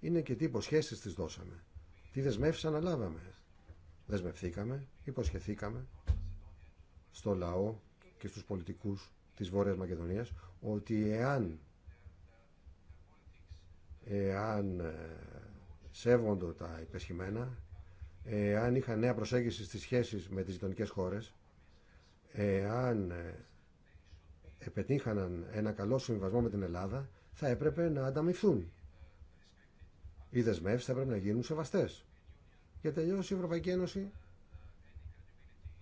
Είναι και τι υποσχέσεις της δώσαμε. Τι δεσμεύσεις αναλάβαμε. Δεσμευθήκαμε, υποσχεθήκαμε στο λαό και στους πολιτικούς της Βόρειας Μακεδονίας ότι εάν, εάν ε, σέβονται τα υπεσχημένα, εάν είχαν νέα προσέγγιση στις σχέσεις με τις γειτονικέ χώρες, εάν ε, επετύχαναν ένα καλό συμβασμό με την Ελλάδα, θα έπρεπε να ανταμυφθούν. Οι δεσμεύσει θα έπρεπε να γίνουν σεβαστές. Και τελειω η Ευρωπαϊκή Ένωση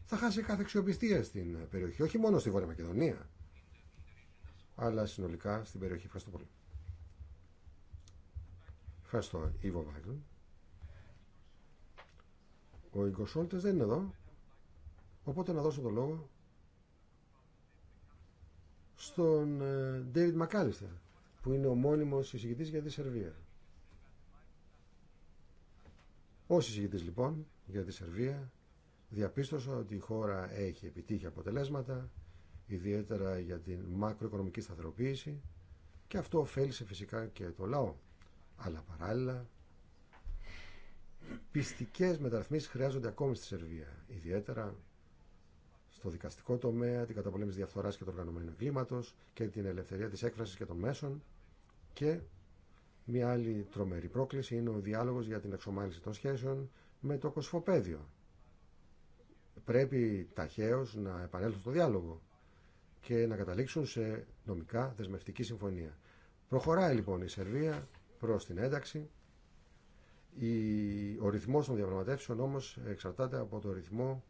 θα χάσει κάθε αξιοπιστία στην περιοχή, όχι μόνο στη Βόρεια Μακεδονία, αλλά συνολικά στην περιοχή. Ευχαριστώ πολύ. Ευχαριστώ, Ιβο Βάγκλ. Ο Ιγκοσόλτες δεν είναι εδώ, οπότε να δώσω το λόγο στον Ντέιβιντ ε, Μακάλιστερ, που είναι ο μόνιμος συζητητής για τη Σερβία. Ο συζητητής λοιπόν για τη Σερβία διαπίστωσα ότι η χώρα έχει επιτύχει αποτελέσματα, ιδιαίτερα για την μακροοικονομική σταθεροποίηση και αυτό ωφέλησε φυσικά και το λαό. Αλλά παράλληλα, πιστικές μεταρρυθμίσεις χρειάζονται ακόμη στη Σερβία, ιδιαίτερα στο δικαστικό τομέα, την καταπολέμηση διαφθοράς και του οργανωμένου εγκλήματος και την ελευθερία της έκφρασης και των μέσων και μια άλλη τρομερή πρόκληση είναι ο διάλογος για την εξομάλυση των σχέσεων με το κοσφοπέδιο πρέπει ταχαίως να επανέλθουν στο διάλογο και να καταλήξουν σε νομικά δεσμευτική συμφωνία. Προχωράει λοιπόν η Σερβία προς την ένταξη. Ο ρυθμός των διαπραγματεύσεων όμως εξαρτάται από το ρυθμό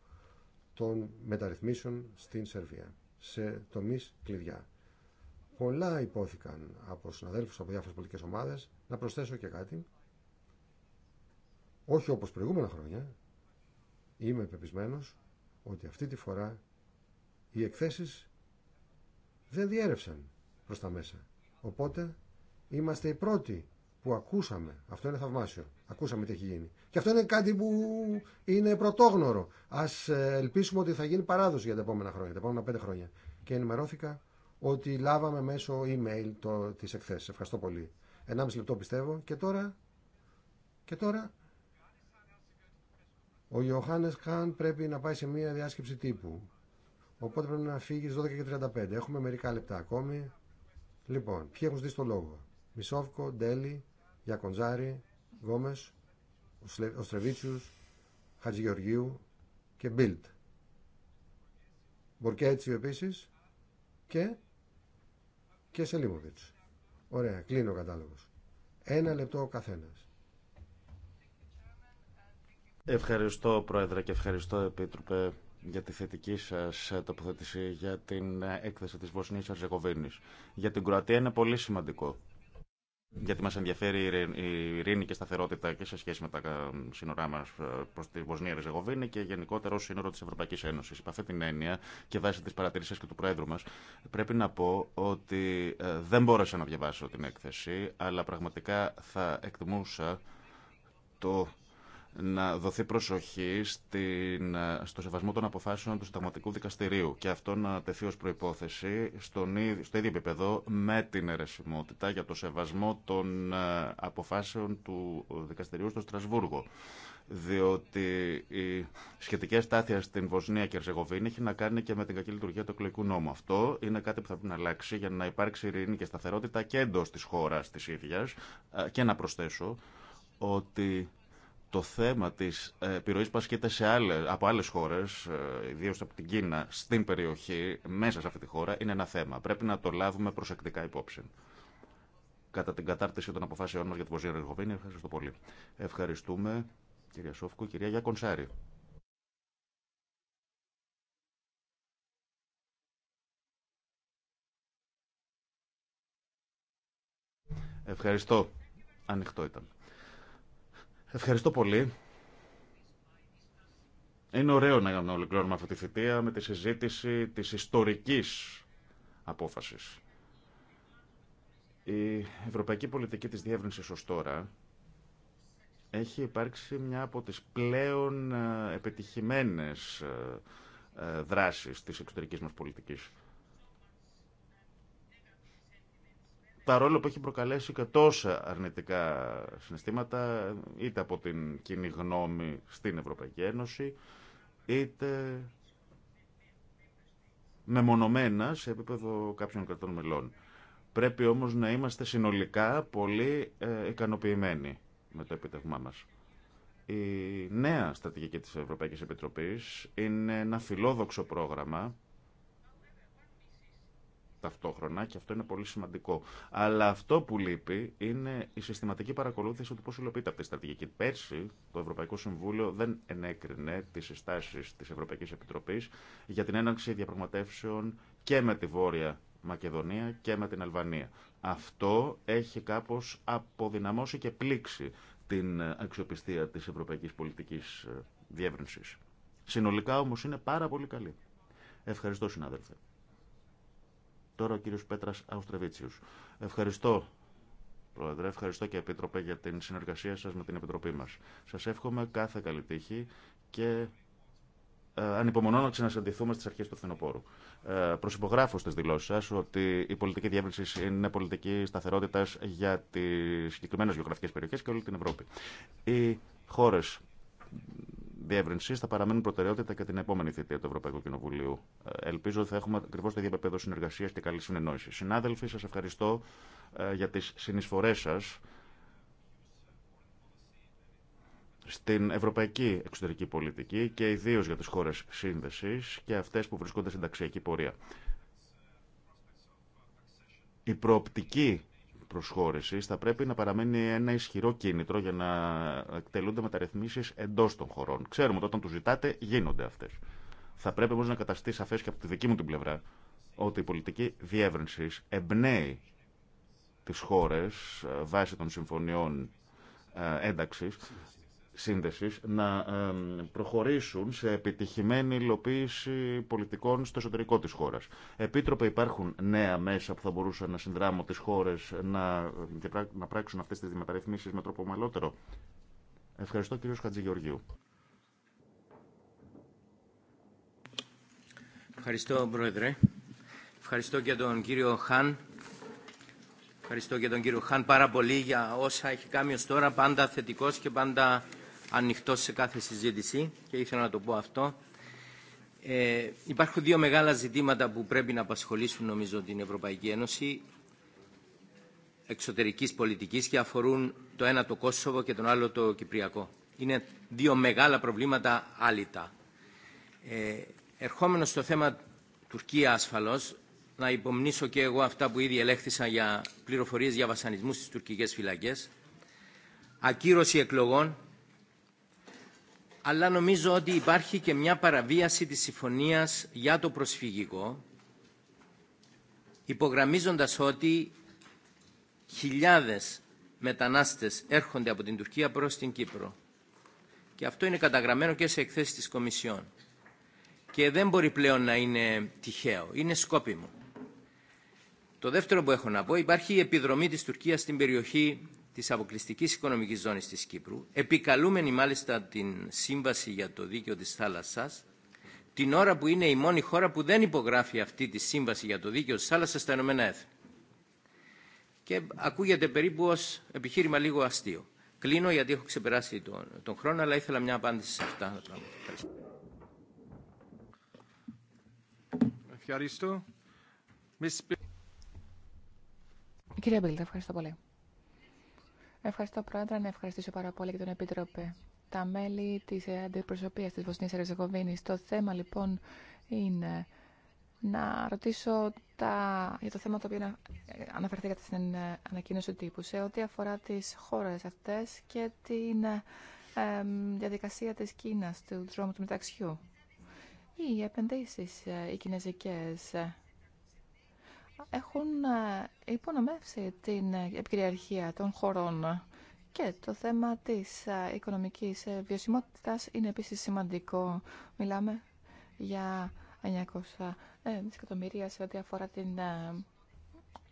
των μεταρρυθμίσεων στην Σερβία σε τομείς κλειδιά. Πολλά υπόθηκαν από συναδέλφους από διάφορες πολιτικές ομάδες. Να προσθέσω και κάτι. Όχι όπως προηγούμενα χρόνια, Είμαι πεπισμένος ότι αυτή τη φορά οι εκθέσεις δεν διέρευσαν προς τα μέσα. Οπότε είμαστε οι πρώτοι που ακούσαμε. Αυτό είναι θαυμάσιο. Ακούσαμε τι έχει γίνει. Και αυτό είναι κάτι που είναι πρωτόγνωρο. Ας ε, ελπίσουμε ότι θα γίνει παράδοση για τα επόμενα χρόνια, τα επόμενα πέντε χρόνια. Και ενημερώθηκα ότι λάβαμε μέσω email το, τις εκθέσεις. Ευχαριστώ πολύ. Ενάμιση λεπτό πιστεύω. Και τώρα, και τώρα ο Ιωάννη Χάν πρέπει να πάει σε μια διάσκεψη τύπου. Οπότε πρέπει να φύγει στι 12.35. Έχουμε μερικά λεπτά ακόμη. Λοιπόν, ποιοι έχουν στήσει το λόγο. Μισόβκο, Ντέλη, Γιακοντζάρη, Γκόμε, Οστρεβίτσιου, Χατζηγεωργίου και Μπίλτ. Μπορκέτσιο επίση και, και Σελίμοβιτ. Ωραία, κλείνει ο κατάλογο. Ένα λεπτό ο καθένας. Ευχαριστώ Πρόεδρε και ευχαριστώ Επίτροπε για τη θετική σας τοποθέτηση για την έκθεση της Βοσνίας Αρζεγοβίνης. Για την Κροατία είναι πολύ σημαντικό. Γιατί μας ενδιαφέρει η ειρήνη και η σταθερότητα και σε σχέση με τα ε, σύνορά μας ε, προς τη Βοσνία Ριζεγοβίνη και γενικότερα σύνορο της Ευρωπαϊκής Ένωσης. Υπ' αυτή την έννοια και βάσει της παρατηρήσεις και του Προέδρου μας πρέπει να πω ότι ε, δεν μπόρεσα να διαβάσω την έκθεση αλλά πραγματικά θα εκτιμούσα το να δοθεί προσοχή στην, ε, στο σεβασμό των αποφάσεων του Συνταγματικού Δικαστηρίου και αυτό να τεθεί ω προπόθεση στο ίδιο επίπεδο με την αιρεσιμότητα για το σεβασμό των ε, αποφάσεων του Δικαστηρίου στο Στρασβούργο διότι η σχετική αστάθεια στην Βοσνία και Ερζεγοβίνη έχει να κάνει και με την κακή λειτουργία του εκλογικού νόμου. Αυτό είναι κάτι που θα πρέπει να αλλάξει για να υπάρξει ειρήνη και σταθερότητα και εντό τη χώρα τη ίδια. Ε, και να προσθέσω ότι το θέμα της ε, επιρροής που ασκείται σε άλλες, από άλλες χώρες, ε, ιδίως από την Κίνα, στην περιοχή, μέσα σε αυτή τη χώρα, είναι ένα θέμα. Πρέπει να το λάβουμε προσεκτικά υπόψη. Κατά την κατάρτιση των αποφάσεών μας για την Βοζία Ρεγοβίνη, ευχαριστώ πολύ. Ευχαριστούμε, κυρία Σόφκου, κυρία Γιακονσάρη. Ευχαριστώ. Ανοιχτό ήταν. Ευχαριστώ πολύ. Είναι ωραίο να ολοκληρώνουμε αυτή τη θητεία με τη συζήτηση της ιστορικής απόφασης. Η ευρωπαϊκή πολιτική της διεύρυνσης ως τώρα έχει υπάρξει μια από τις πλέον ε, επιτυχημένες ε, ε, δράσεις της εξωτερικής μας πολιτικής. παρόλο που έχει προκαλέσει και τόσα αρνητικά συναισθήματα, είτε από την κοινή γνώμη στην Ευρωπαϊκή Ένωση, είτε μεμονωμένα σε επίπεδο κάποιων κρατών μελών. Πρέπει όμως να είμαστε συνολικά πολύ ε, ικανοποιημένοι με το επιτευγμά μας. Η νέα στρατηγική της Ευρωπαϊκής Επιτροπής είναι ένα φιλόδοξο πρόγραμμα ταυτόχρονα και αυτό είναι πολύ σημαντικό. Αλλά αυτό που λείπει είναι η συστηματική παρακολούθηση του πώ υλοποιείται αυτή η στρατηγική. Πέρσι το Ευρωπαϊκό Συμβούλιο δεν ενέκρινε τι συστάσει τη Ευρωπαϊκή Επιτροπή για την έναρξη διαπραγματεύσεων και με τη Βόρεια Μακεδονία και με την Αλβανία. Αυτό έχει κάπως αποδυναμώσει και πλήξει την αξιοπιστία της ευρωπαϊκής πολιτικής ε, διεύρυνσης. Συνολικά όμως είναι πάρα πολύ καλή. Ευχαριστώ συνάδελφε. Τώρα ο κύριος Πέτρα Αουστρεβίτσιου. Ευχαριστώ Πρόεδρε, ευχαριστώ και Επίτροπε για την συνεργασία σας με την Επιτροπή μας. Σας εύχομαι κάθε καλή τύχη και ε, ανυπομονώ να ξανασυναντηθούμε στι αρχέ του φθινοπόρου. Ε, Προσυπογράφω στι δηλώσει σα ότι η πολιτική διεύρυνση είναι πολιτική σταθερότητα για τι συγκεκριμένε γεωγραφικέ περιοχέ και όλη την Ευρώπη. Οι χώρε διεύρυνση θα παραμένουν προτεραιότητα και την επόμενη θητεία του Ευρωπαϊκού Κοινοβουλίου. Ε, ελπίζω ότι θα έχουμε ακριβώ το ίδιο επίπεδο συνεργασία και καλή συνεννόηση. Συνάδελφοι, σα ευχαριστώ ε, για τι συνεισφορέ σα στην ευρωπαϊκή εξωτερική πολιτική και ιδίω για τι χώρε σύνδεση και αυτέ που βρίσκονται στην ταξιακή πορεία. Η προοπτική θα πρέπει να παραμένει ένα ισχυρό κίνητρο για να εκτελούνται μεταρρυθμίσει εντός των χωρών. Ξέρουμε ότι όταν τους ζητάτε γίνονται αυτές. Θα πρέπει όμω να καταστεί σαφέ και από τη δική μου την πλευρά ότι η πολιτική διεύρυνση εμπνέει τις χώρε ε, βάσει των συμφωνιών ε, ένταξη να προχωρήσουν σε επιτυχημένη υλοποίηση πολιτικών στο εσωτερικό της χώρας. Επίτροπε υπάρχουν νέα μέσα που θα μπορούσαν να συνδράμουν τις χώρες να, να πράξουν αυτές τις μεταρρυθμίσει με τρόπο ομαλότερο. Ευχαριστώ κύριο Χατζηγεωργίου. Ευχαριστώ Πρόεδρε. Ευχαριστώ και τον κύριο Χάν. Ευχαριστώ και τον κύριο Χάν πάρα πολύ για όσα έχει κάνει ως τώρα, πάντα θετικός και πάντα ανοιχτός σε κάθε συζήτηση και ήθελα να το πω αυτό. Ε, υπάρχουν δύο μεγάλα ζητήματα που πρέπει να απασχολήσουν νομίζω την Ευρωπαϊκή Ένωση εξωτερικής πολιτικής και αφορούν το ένα το Κόσοβο και τον άλλο το Κυπριακό. Είναι δύο μεγάλα προβλήματα άλυτα. Ε, ερχόμενος στο θέμα Τουρκία ασφαλώς, να υπομνήσω και εγώ αυτά που ήδη ελέγχθησα για πληροφορίες για βασανισμούς στις τουρκικές φυλακές, ακύρωση εκλογών αλλά νομίζω ότι υπάρχει και μια παραβίαση της συμφωνίας για το προσφυγικό, υπογραμμίζοντας ότι χιλιάδες μετανάστες έρχονται από την Τουρκία προς την Κύπρο. Και αυτό είναι καταγραμμένο και σε εκθέσεις της Κομισιόν. Και δεν μπορεί πλέον να είναι τυχαίο, είναι σκόπιμο. Το δεύτερο που έχω να πω, υπάρχει η επιδρομή της Τουρκίας στην περιοχή Τη αποκλειστική οικονομική ζώνη της Κύπρου, επικαλούμενη μάλιστα την Σύμβαση για το Δίκαιο της Θάλασσας, την ώρα που είναι η μόνη χώρα που δεν υπογράφει αυτή τη Σύμβαση για το Δίκαιο της Θάλασσας στα Ηνωμένα Έθνη. Και ακούγεται περίπου ως επιχείρημα λίγο αστείο. Κλείνω γιατί έχω ξεπεράσει τον, τον χρόνο, αλλά ήθελα μια απάντηση σε αυτά Ευχαριστώ. ευχαριστώ πολύ. Ευχαριστώ Πρόεδρε, να ευχαριστήσω πάρα πολύ και τον Επίτροπε. Τα μέλη τη αντιπροσωπείας τη Βοσνία Ερζεγοβίνης. Το θέμα λοιπόν είναι να ρωτήσω τα... για το θέμα το οποίο αναφερθήκατε στην ανακοίνωση τύπου σε ό,τι αφορά τις χώρες αυτές και την διαδικασία της κίνα του δρόμου του μεταξιού. Οι επενδύσεις, ε, οι κινέζικες, έχουν ε, υπονομεύσει την επικυριαρχία των χωρών. Και το θέμα της ε, οικονομικής ε, βιωσιμότητας είναι επίσης σημαντικό. Μιλάμε για 900 δισεκατομμύρια σε ό,τι αφορά την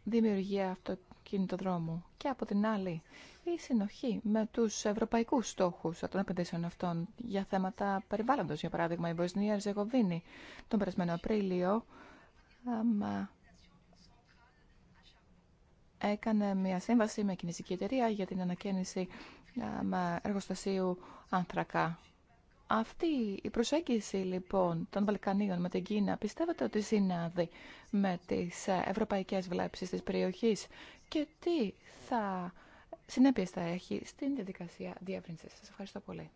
δημιουργία αυτοκινητοδρόμου. Και από την άλλη, η συνοχή με τους ευρωπαϊκούς στόχους των επενδύσεων αυτών για θέματα περιβάλλοντος. Για παράδειγμα, η Βοσνία Ερζεγοβίνη τον περασμένο Απρίλιο έκανε μια σύμβαση με κινησική εταιρεία για την ανακαίνιση με εργοστασίου άνθρακα. Αυτή η προσέγγιση λοιπόν των Βαλκανίων με την Κίνα πιστεύετε ότι συνάδει με τις ε, ευρωπαϊκές βλέψεις της περιοχής και τι θα συνέπειες θα έχει στην διαδικασία διεύρυνσης. Σας ευχαριστώ πολύ.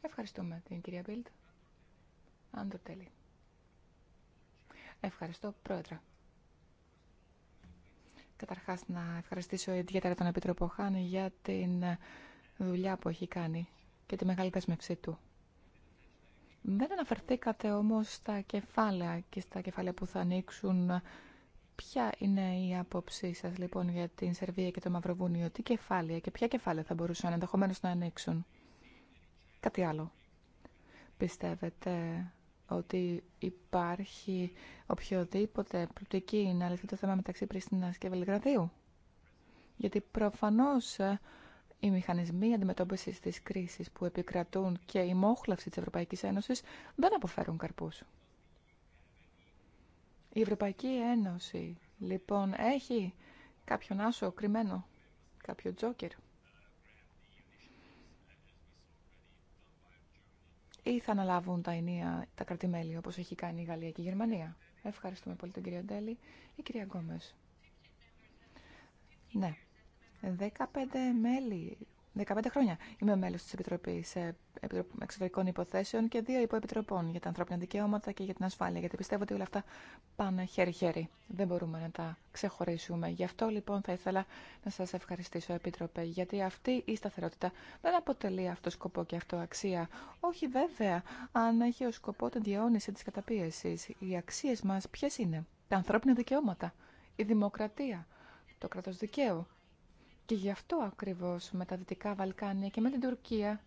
Ευχαριστούμε την κυρία Μπίλτ. το τέλει. Ευχαριστώ, Πρόεδρε. Καταρχάς να ευχαριστήσω ιδιαίτερα τον Επίτροπο Χάν για την δουλειά που έχει κάνει και τη μεγάλη δέσμευσή του. Δεν αναφερθήκατε όμως στα κεφάλαια και στα κεφάλαια που θα ανοίξουν. Ποια είναι η άποψή σας λοιπόν για την Σερβία και το Μαυροβούνιο, τι κεφάλαια και ποια κεφάλαια θα μπορούσαν ενδεχομένω να ανοίξουν. Κάτι άλλο. Πιστεύετε ότι υπάρχει οποιοδήποτε πλουτική να λυθεί το θέμα μεταξύ Πρίστινας και Βελιγραδίου. Γιατί προφανώς ε, οι μηχανισμοί αντιμετώπισης της κρίσης που επικρατούν και η μόχλαυση της Ευρωπαϊκής Ένωσης δεν αποφέρουν καρπούς. Η Ευρωπαϊκή Ένωση λοιπόν έχει κάποιον άσο κρυμμένο, κάποιο τζόκερ. ή θα αναλάβουν τα ενία τα κρατημέλη όπως έχει κάνει η Γαλλία και η Γερμανία. Ευχαριστούμε πολύ τον κύριο Ντέλη. Η κυρία Γκόμες. Ναι. 15 μέλη 15 χρόνια είμαι μέλο τη επιτροπή ε, Εξωτερικών Υποθέσεων και δύο υποεπιτροπών για τα ανθρώπινα δικαιώματα και για την ασφάλεια, γιατί πιστεύω ότι όλα αυτά πάνε χέρι-χέρι. Δεν μπορούμε να τα ξεχωρίσουμε. Γι' αυτό λοιπόν θα ήθελα να σα ευχαριστήσω, Επίτροπε, γιατί αυτή η σταθερότητα δεν αποτελεί αυτό σκοπό και αυτό αξία. Όχι βέβαια, αν έχει ω σκοπό την διαιώνιση της καταπίεση. Οι αξίε μα ποιε είναι. Τα ανθρώπινα δικαιώματα, η δημοκρατία, το κρατοδικαίο. Και γι' αυτό ακριβώς με τα Δυτικά Βαλκάνια και με την Τουρκία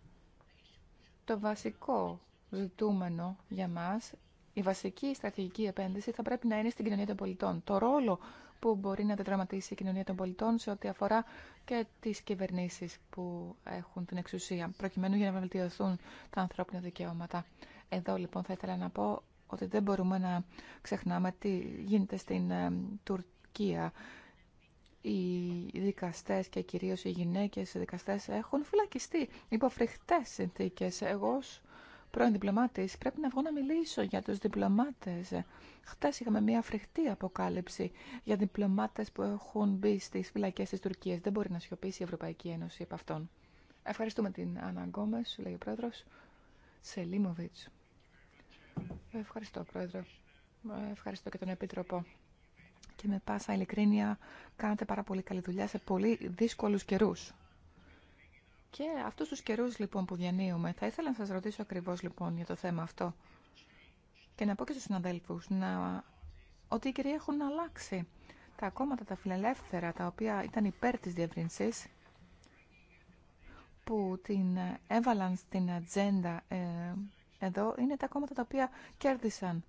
το βασικό ζητούμενο για μας, η βασική στρατηγική επένδυση θα πρέπει να είναι στην κοινωνία των πολιτών. Το ρόλο που μπορεί να τετραματίσει η κοινωνία των πολιτών σε ό,τι αφορά και τις κυβερνήσεις που έχουν την εξουσία, προκειμένου για να βελτιωθούν τα ανθρώπινα δικαιώματα. Εδώ λοιπόν θα ήθελα να πω ότι δεν μπορούμε να ξεχνάμε τι γίνεται στην ε, Τουρκία οι δικαστές και κυρίως οι γυναίκες οι δικαστές έχουν φυλακιστεί υπό φρικτές συνθήκες. Εγώ ως πρώην διπλωμάτης πρέπει να βγω να μιλήσω για τους διπλωμάτες. Χτες είχαμε μια φρικτή αποκάλυψη για διπλωμάτες που έχουν μπει στις φυλακές της Τουρκίας. Δεν μπορεί να σιωπήσει η Ευρωπαϊκή Ένωση από αυτόν. Ευχαριστούμε την Άννα Γκόμες, λέει ο πρόεδρος Σελίμοβιτς. Ευχαριστώ, πρόεδρο. Ευχαριστώ και τον Επίτροπο και με πάσα ειλικρίνεια κάνατε πάρα πολύ καλή δουλειά σε πολύ δύσκολους καιρούς. Και αυτούς τους καιρούς λοιπόν που διανύουμε, θα ήθελα να σας ρωτήσω ακριβώς λοιπόν για το θέμα αυτό και να πω και στους συναδέλφους να... ότι οι κυρία έχουν αλλάξει. Τα κόμματα τα φιλελεύθερα τα οποία ήταν υπέρ της διευρυνσής που την έβαλαν στην ατζέντα ε, εδώ είναι τα κόμματα τα οποία κέρδισαν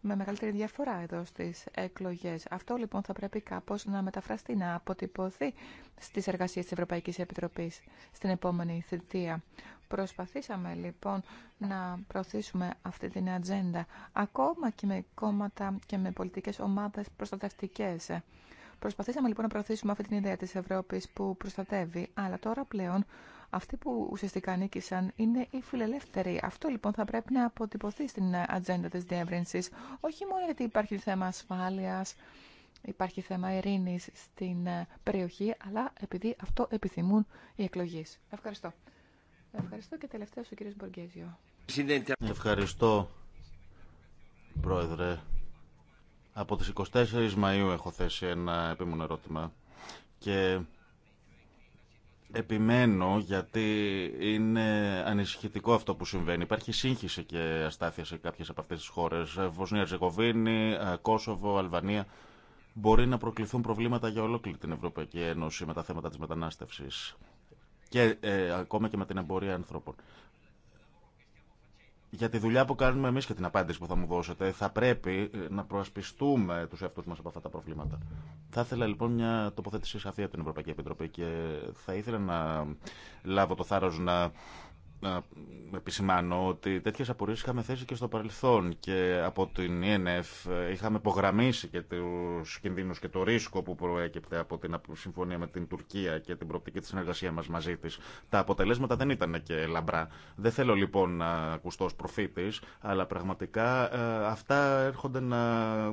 με μεγαλύτερη διαφορά εδώ στις εκλογές. Αυτό λοιπόν θα πρέπει κάπως να μεταφραστεί, να αποτυπωθεί στις εργασίες της Ευρωπαϊκής Επιτροπής στην επόμενη θητεία. Προσπαθήσαμε λοιπόν να προωθήσουμε αυτή την ατζέντα ακόμα και με κόμματα και με πολιτικές ομάδες προστατευτικές. Προσπαθήσαμε λοιπόν να προωθήσουμε αυτή την ιδέα της Ευρώπης που προστατεύει, αλλά τώρα πλέον αυτοί που ουσιαστικά νίκησαν είναι οι φιλελεύθεροι. Αυτό λοιπόν θα πρέπει να αποτυπωθεί στην ατζέντα της διεύρυνσης. Όχι μόνο γιατί υπάρχει θέμα ασφάλειας, υπάρχει θέμα ειρήνης στην ε, περιοχή, αλλά επειδή αυτό επιθυμούν οι εκλογείς. Ευχαριστώ. Ευχαριστώ και τελευταίο ο κύριος Μποργέζιο. Ευχαριστώ, Πρόεδρε. Από τις 24 Μαΐου έχω θέσει ένα επίμονο ερώτημα και Επιμένω γιατί είναι ανησυχητικό αυτό που συμβαίνει. Υπάρχει σύγχυση και αστάθεια σε κάποιες από αυτέ τι χώρες. Βοσνία, Ζεγοβίνη, Κόσοβο, Αλβανία. Μπορεί να προκληθούν προβλήματα για ολόκληρη την Ευρωπαϊκή Ένωση με τα θέματα της μετανάστευση και ε, ακόμα και με την εμπορία ανθρώπων για τη δουλειά που κάνουμε εμεί και την απάντηση που θα μου δώσετε. Θα πρέπει ε, να προασπιστούμε τους εαυτού μα από αυτά τα προβλήματα. Θα ήθελα λοιπόν μια τοποθέτηση σαφή από την Ευρωπαϊκή Επιτροπή και θα ήθελα να λάβω το θάρρο να να επισημάνω ότι τέτοιε απορίες είχαμε θέσει και στο παρελθόν και από την ΕΝΕΦ είχαμε υπογραμμίσει και του κινδύνου και το ρίσκο που προέκυπτε από την συμφωνία με την Τουρκία και την προοπτική τη συνεργασία μας μαζί της. Τα αποτελέσματα δεν ήταν και λαμπρά. Δεν θέλω λοιπόν να ακουστώ ω προφήτη, αλλά πραγματικά ε, αυτά έρχονται να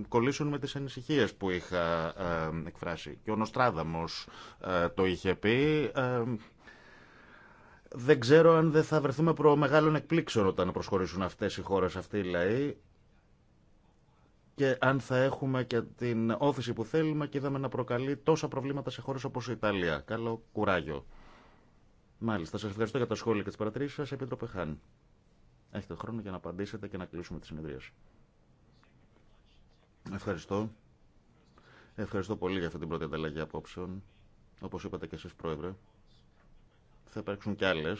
κολλήσουν με τι ανησυχίε που είχα ε, εκφράσει. Και ο Νοστράδαμος ε, το είχε πει δεν ξέρω αν δεν θα βρεθούμε προ μεγάλων εκπλήξεων όταν προσχωρήσουν αυτές οι χώρες, αυτοί οι λαοί και αν θα έχουμε και την όθηση που θέλουμε και είδαμε να προκαλεί τόσα προβλήματα σε χώρες όπως η Ιταλία. Καλό κουράγιο. Μάλιστα, σας ευχαριστώ για τα σχόλια και τις παρατηρήσεις σας, Επίτροπε Χάν. Έχετε χρόνο για να απαντήσετε και να κλείσουμε τη συνεδρίαση. Ευχαριστώ. Ευχαριστώ πολύ για αυτή την πρώτη ανταλλαγή απόψεων. Όπως είπατε και εσείς, Πρόεδρε θα υπάρξουν κι άλλε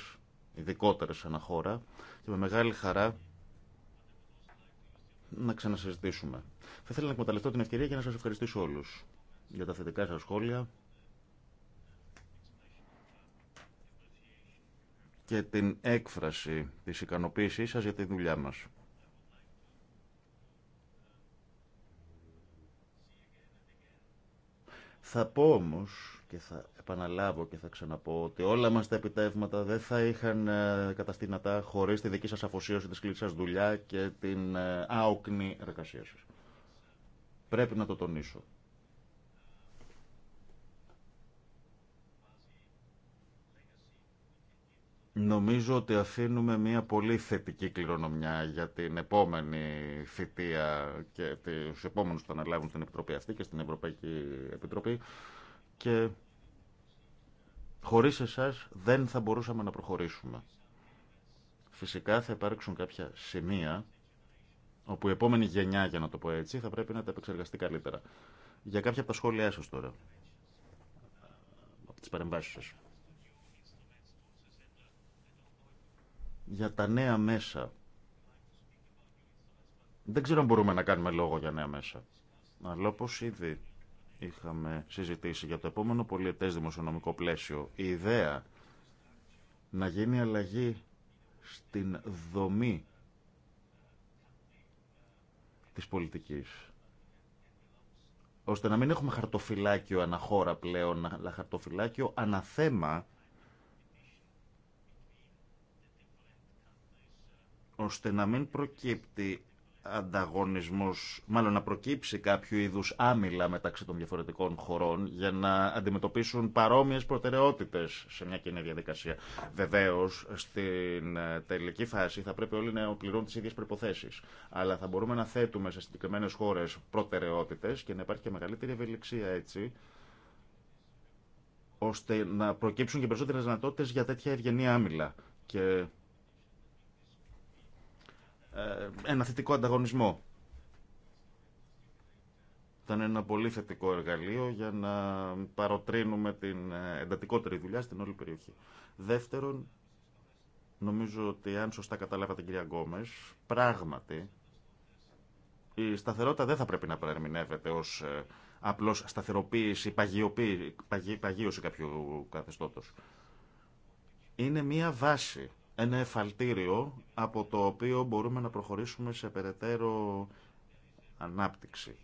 ειδικότερε σε ένα χώρα και με μεγάλη χαρά να ξανασυζητήσουμε. Θα ήθελα να εκμεταλλευτώ την ευκαιρία και να σας ευχαριστήσω όλους για τα θετικά σα σχόλια και την έκφραση της ικανοποίησής σας για τη δουλειά μας. Θα πω όμως και θα επαναλάβω και θα ξαναπώ ότι όλα μας τα επιτεύγματα δεν θα είχαν ε, καταστήνατα χωρίς τη δική σας αφοσίωση τη σκληρή σας δουλειά και την ε, άοκνη εργασία σας. Πρέπει να το τονίσω. Νομίζω ότι αφήνουμε μια πολύ θετική κληρονομιά για την επόμενη θητεία και του επόμενου που θα αναλάβουν στην Επιτροπή αυτή και στην Ευρωπαϊκή Επιτροπή και χωρίς εσάς δεν θα μπορούσαμε να προχωρήσουμε. Φυσικά θα υπάρξουν κάποια σημεία όπου η επόμενη γενιά, για να το πω έτσι, θα πρέπει να τα επεξεργαστεί καλύτερα. Για κάποια από τα σχόλιά σας τώρα, από τις παρεμβάσεις σας. για τα νέα μέσα. Δεν ξέρω αν μπορούμε να κάνουμε λόγο για νέα μέσα. Αλλά όπω ήδη είχαμε συζητήσει για το επόμενο πολιετέ δημοσιονομικό πλαίσιο, η ιδέα να γίνει αλλαγή στην δομή της πολιτικής ώστε να μην έχουμε χαρτοφυλάκιο αναχώρα πλέον, αλλά χαρτοφυλάκιο αναθέμα ώστε να μην προκύπτει ανταγωνισμός, μάλλον να προκύψει κάποιο είδους άμυλα μεταξύ των διαφορετικών χωρών για να αντιμετωπίσουν παρόμοιες προτεραιότητες σε μια κοινή διαδικασία. Βεβαίως, στην ε, τελική φάση θα πρέπει όλοι να οκληρώνουν τις ίδιες προϋποθέσεις. Αλλά θα μπορούμε να θέτουμε σε συγκεκριμένε χώρες προτεραιότητες και να υπάρχει και μεγαλύτερη ευελιξία έτσι, ώστε να προκύψουν και περισσότερες δυνατότητε για τέτοια ευγενή άμυλα. Και ε, ένα θετικό ανταγωνισμό. Ήταν ένα πολύ θετικό εργαλείο για να παροτρύνουμε την ε, εντατικότερη δουλειά στην όλη περιοχή. Δεύτερον, νομίζω ότι αν σωστά καταλάβατε κυρία Γκόμες, πράγματι η σταθερότητα δεν θα πρέπει να παρερμηνεύεται ως ε, απλώς σταθεροποίηση, παγίωση κάποιου καθεστώτος. Είναι μία βάση ένα εφαλτήριο από το οποίο μπορούμε να προχωρήσουμε σε περαιτέρω ανάπτυξη.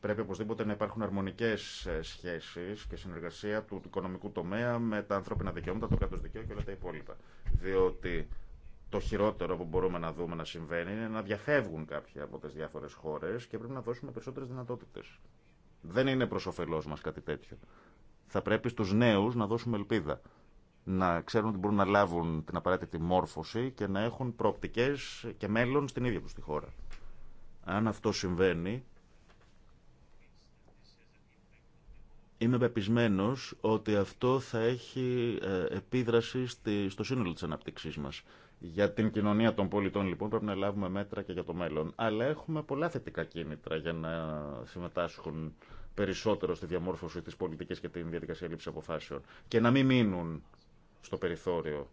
Πρέπει οπωσδήποτε να υπάρχουν αρμονικές ε, σχέσεις και συνεργασία του οικονομικού τομέα με τα ανθρώπινα δικαιώματα, το κράτος δικαίου και όλα τα υπόλοιπα. Διότι το χειρότερο που μπορούμε να δούμε να συμβαίνει είναι να διαφεύγουν κάποιοι από τις διάφορες χώρες και πρέπει να δώσουμε περισσότερες δυνατότητες. Δεν είναι προς όφελός μας κάτι τέτοιο. Θα πρέπει στους νέους να δώσουμε ελπίδα να ξέρουν ότι μπορούν να λάβουν την απαραίτητη μόρφωση και να έχουν προοπτικές και μέλλον στην ίδια τους τη χώρα. Αν αυτό συμβαίνει, είμαι πεπισμένος ότι αυτό θα έχει ε, επίδραση στο σύνολο της αναπτύξής μας. Για την κοινωνία των πολιτών λοιπόν πρέπει να λάβουμε μέτρα και για το μέλλον. Αλλά έχουμε πολλά θετικά κίνητρα για να συμμετάσχουν περισσότερο στη διαμόρφωση της πολιτικής και την διαδικασία λήψης αποφάσεων. Και να μην μείνουν στο περιθώριο,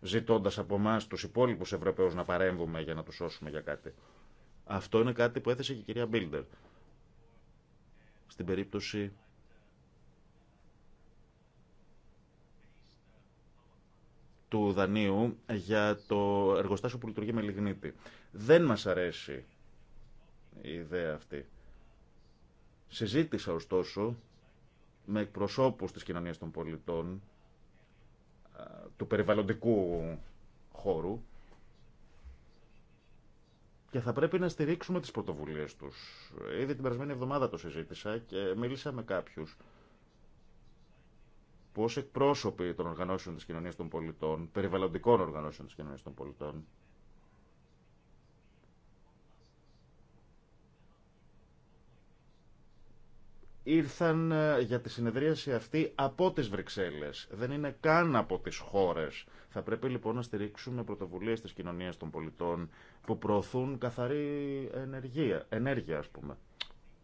ζητώντας από εμά τους υπόλοιπους Ευρωπαίους να παρέμβουμε για να τους σώσουμε για κάτι. Αυτό είναι κάτι που έθεσε και η κυρία Μπίλντερ. Στην περίπτωση του δανείου για το εργοστάσιο που λειτουργεί με λιγνίτη. Δεν μας αρέσει η ιδέα αυτή. Συζήτησα ωστόσο με εκπροσώπους της κοινωνίας των πολιτών του περιβαλλοντικού χώρου και θα πρέπει να στηρίξουμε τις πρωτοβουλίες τους. Ήδη την περασμένη εβδομάδα το συζήτησα και μίλησα με κάποιους που ως εκπρόσωποι των οργανώσεων της κοινωνίας των πολιτών, περιβαλλοντικών οργανώσεων της κοινωνίας των πολιτών, ήρθαν ε, για τη συνεδρίαση αυτή από τις Βρυξέλλες. Δεν είναι καν από τις χώρες. Θα πρέπει λοιπόν να στηρίξουμε πρωτοβουλίες της κοινωνίας των πολιτών που προωθούν καθαρή ενέργεια ας πούμε,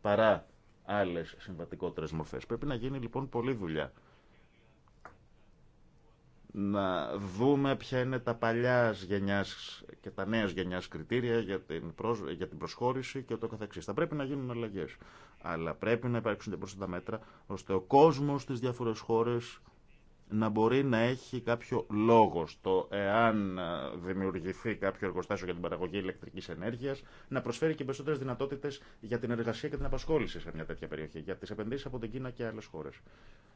παρά άλλες συμβατικότερες μορφές. Πρέπει να γίνει λοιπόν πολλή δουλειά να δούμε ποια είναι τα παλιά γενιά και τα νέα γενιά κριτήρια για την, για την προσχώρηση και ούτω καθεξή. Θα πρέπει να γίνουν αλλαγέ. αλλά πρέπει να υπάρξουν και τα μέτρα, ώστε ο κόσμο στι διάφορε χώρε να μπορεί να έχει κάποιο λόγο στο εάν δημιουργηθεί κάποιο εργοστάσιο για την παραγωγή ηλεκτρική ενέργεια, να προσφέρει και περισσότερε δυνατότητε για την εργασία και την απασχόληση σε μια τέτοια περιοχή, για τι επενδύσει από την Κίνα και άλλε χώρε.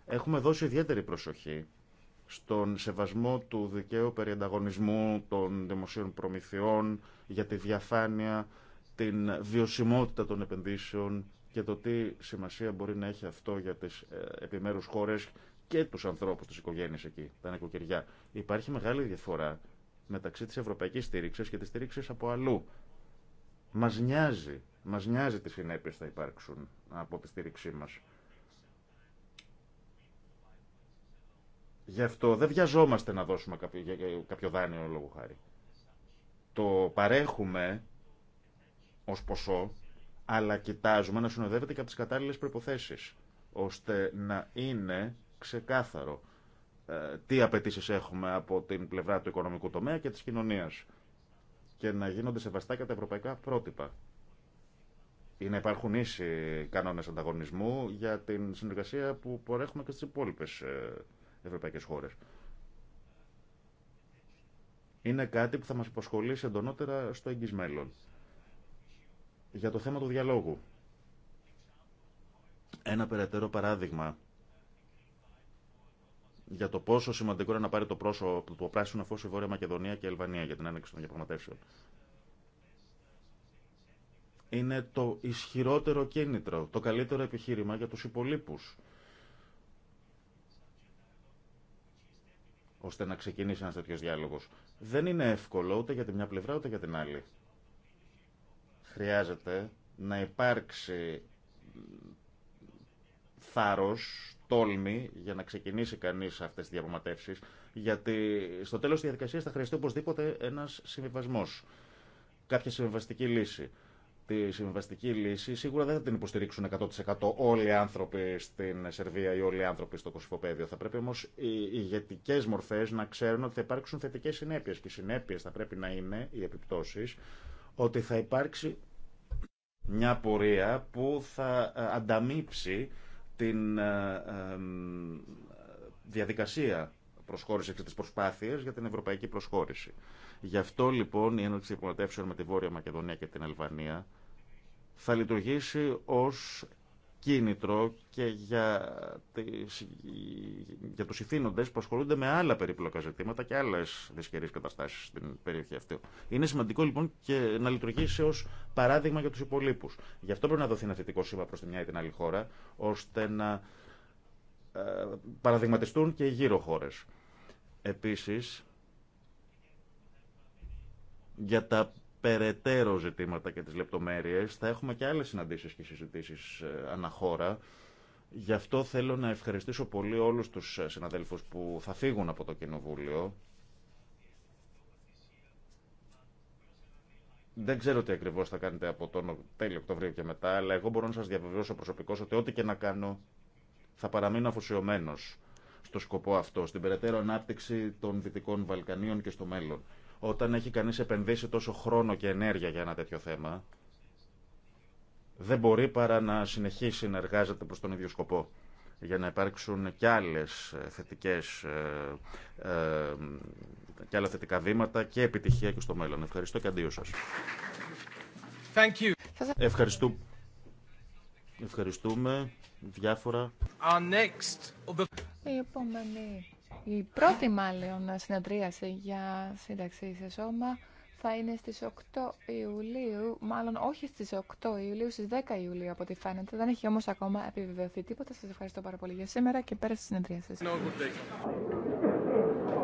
Έχουμε δώσει ιδιαίτερη προσοχή στον σεβασμό του δικαίου ανταγωνισμού των δημοσίων προμηθειών, για τη διαφάνεια, την βιωσιμότητα των επενδύσεων και το τι σημασία μπορεί να έχει αυτό για τις ε, επιμέρους χώρες και τους ανθρώπους της οικογένειας εκεί, τα νοικοκυριά. Υπάρχει μεγάλη διαφορά μεταξύ της ευρωπαϊκής στήριξης και της στήριξης από αλλού. Μας νοιάζει, μας νοιάζει τι συνέπειες θα υπάρξουν από τη στήριξή μας. Γι' αυτό δεν βιαζόμαστε να δώσουμε ε, κάποιο, δάνειο λόγου χάρη. Το παρέχουμε ως ποσό, αλλά κοιτάζουμε να συνοδεύεται και από τις κατάλληλες προϋποθέσεις, ώστε να είναι ξεκάθαρο ε, τι απαιτήσει έχουμε από την πλευρά του οικονομικού τομέα και της κοινωνίας και να γίνονται σεβαστά και τα ευρωπαϊκά πρότυπα. Ή να υπάρχουν ίσοι κανόνες ανταγωνισμού για την συνεργασία που παρέχουμε και στις υπόλοιπε ε, ευρωπαϊκές χώρες. Είναι κάτι που θα μας υποσχολήσει εντονότερα στο εγγύς μέλλον. Για το θέμα του διαλόγου. Ένα περαιτέρω παράδειγμα για το πόσο σημαντικό είναι να πάρει το πρόσωπο του πράσινου φως η Βόρεια Μακεδονία και η Αλβανία για την άνοιξη των διαπραγματεύσεων. Είναι το ισχυρότερο κίνητρο, το καλύτερο επιχείρημα για τους υπολείπους ώστε να ξεκινήσει ένα τέτοιο διάλογο. Δεν είναι εύκολο ούτε για τη μια πλευρά ούτε για την άλλη. Χρειάζεται να υπάρξει θάρρος, τόλμη για να ξεκινήσει κανείς αυτές τις διαπραγματεύσεις, γιατί στο τέλος της διαδικασίας θα χρειαστεί οπωσδήποτε ένας συμβιβασμός, κάποια συμβιβαστική λύση τη συμβαστική λύση, σίγουρα δεν θα την υποστηρίξουν 100% όλοι οι άνθρωποι στην Σερβία ή όλοι οι άνθρωποι στο Κωσυφοπαίδιο. Θα πρέπει όμω οι ηγετικέ μορφέ να ξέρουν ότι θα υπάρξουν θετικέ συνέπειε. Και οι συνέπειε θα πρέπει να είναι, οι επιπτώσει, ότι θα υπάρξει μια πορεία που θα ε, ανταμείψει την ε, διαδικασία προσχώρησης και τις προσπάθειες για την ευρωπαϊκή προσχώρηση. Γι' αυτό λοιπόν η ένωση διαπραγματεύσεων με τη Βόρεια Μακεδονία και την Αλβανία θα λειτουργήσει ως κίνητρο και για, τις, για τους ηθήνοντες που ασχολούνται με άλλα περίπλοκα ζητήματα και άλλες δυσκερείς καταστάσεις στην περιοχή αυτή. Είναι σημαντικό λοιπόν και να λειτουργήσει ως παράδειγμα για τους υπολείπους. Γι' αυτό πρέπει να δοθεί ένα θετικό σήμα προς τη μια ή την άλλη χώρα, ώστε να ε, παραδειγματιστούν και οι γύρω χώρες. Επίσης, για τα περαιτέρω ζητήματα και τις λεπτομέρειες. Θα έχουμε και άλλες συναντήσεις και συζητήσεις ε, αναχώρα. Γι' αυτό θέλω να ευχαριστήσω πολύ όλους τους ε, συναδέλφους που θα φύγουν από το Κοινοβούλιο. Δεν ξέρω τι ακριβώς θα κάνετε από τον τέλειο Οκτωβρίου και μετά, αλλά εγώ μπορώ να σας διαβεβαιώσω προσωπικώ ότι ό,τι και να κάνω θα παραμείνω αφοσιωμένο στο σκοπό αυτό, στην περαιτέρω ανάπτυξη των Δυτικών Βαλκανίων και στο μέλλον. Όταν έχει κάνει επενδύσει τόσο χρόνο και ενέργεια για ένα τέτοιο θέμα, δεν μπορεί παρά να συνεχίσει να εργάζεται προς τον ίδιο σκοπό για να υπάρξουν και άλλες ε, θετικές ε, ε, και άλλα θετικά βήματα και επιτυχία και στο μέλλον. Ευχαριστώ και αντίο σας. Thank you. Ευχαριστούμε διάφορα. Η πρώτη μάλλον συνεδρίαση για σύνταξη σε σώμα θα είναι στις 8 Ιουλίου, μάλλον όχι στις 8 Ιουλίου, στις 10 Ιουλίου από ό,τι φαίνεται. Δεν έχει όμως ακόμα επιβεβαιωθεί τίποτα. Σας ευχαριστώ πάρα πολύ για σήμερα και πέρα στη συνεδρία σας.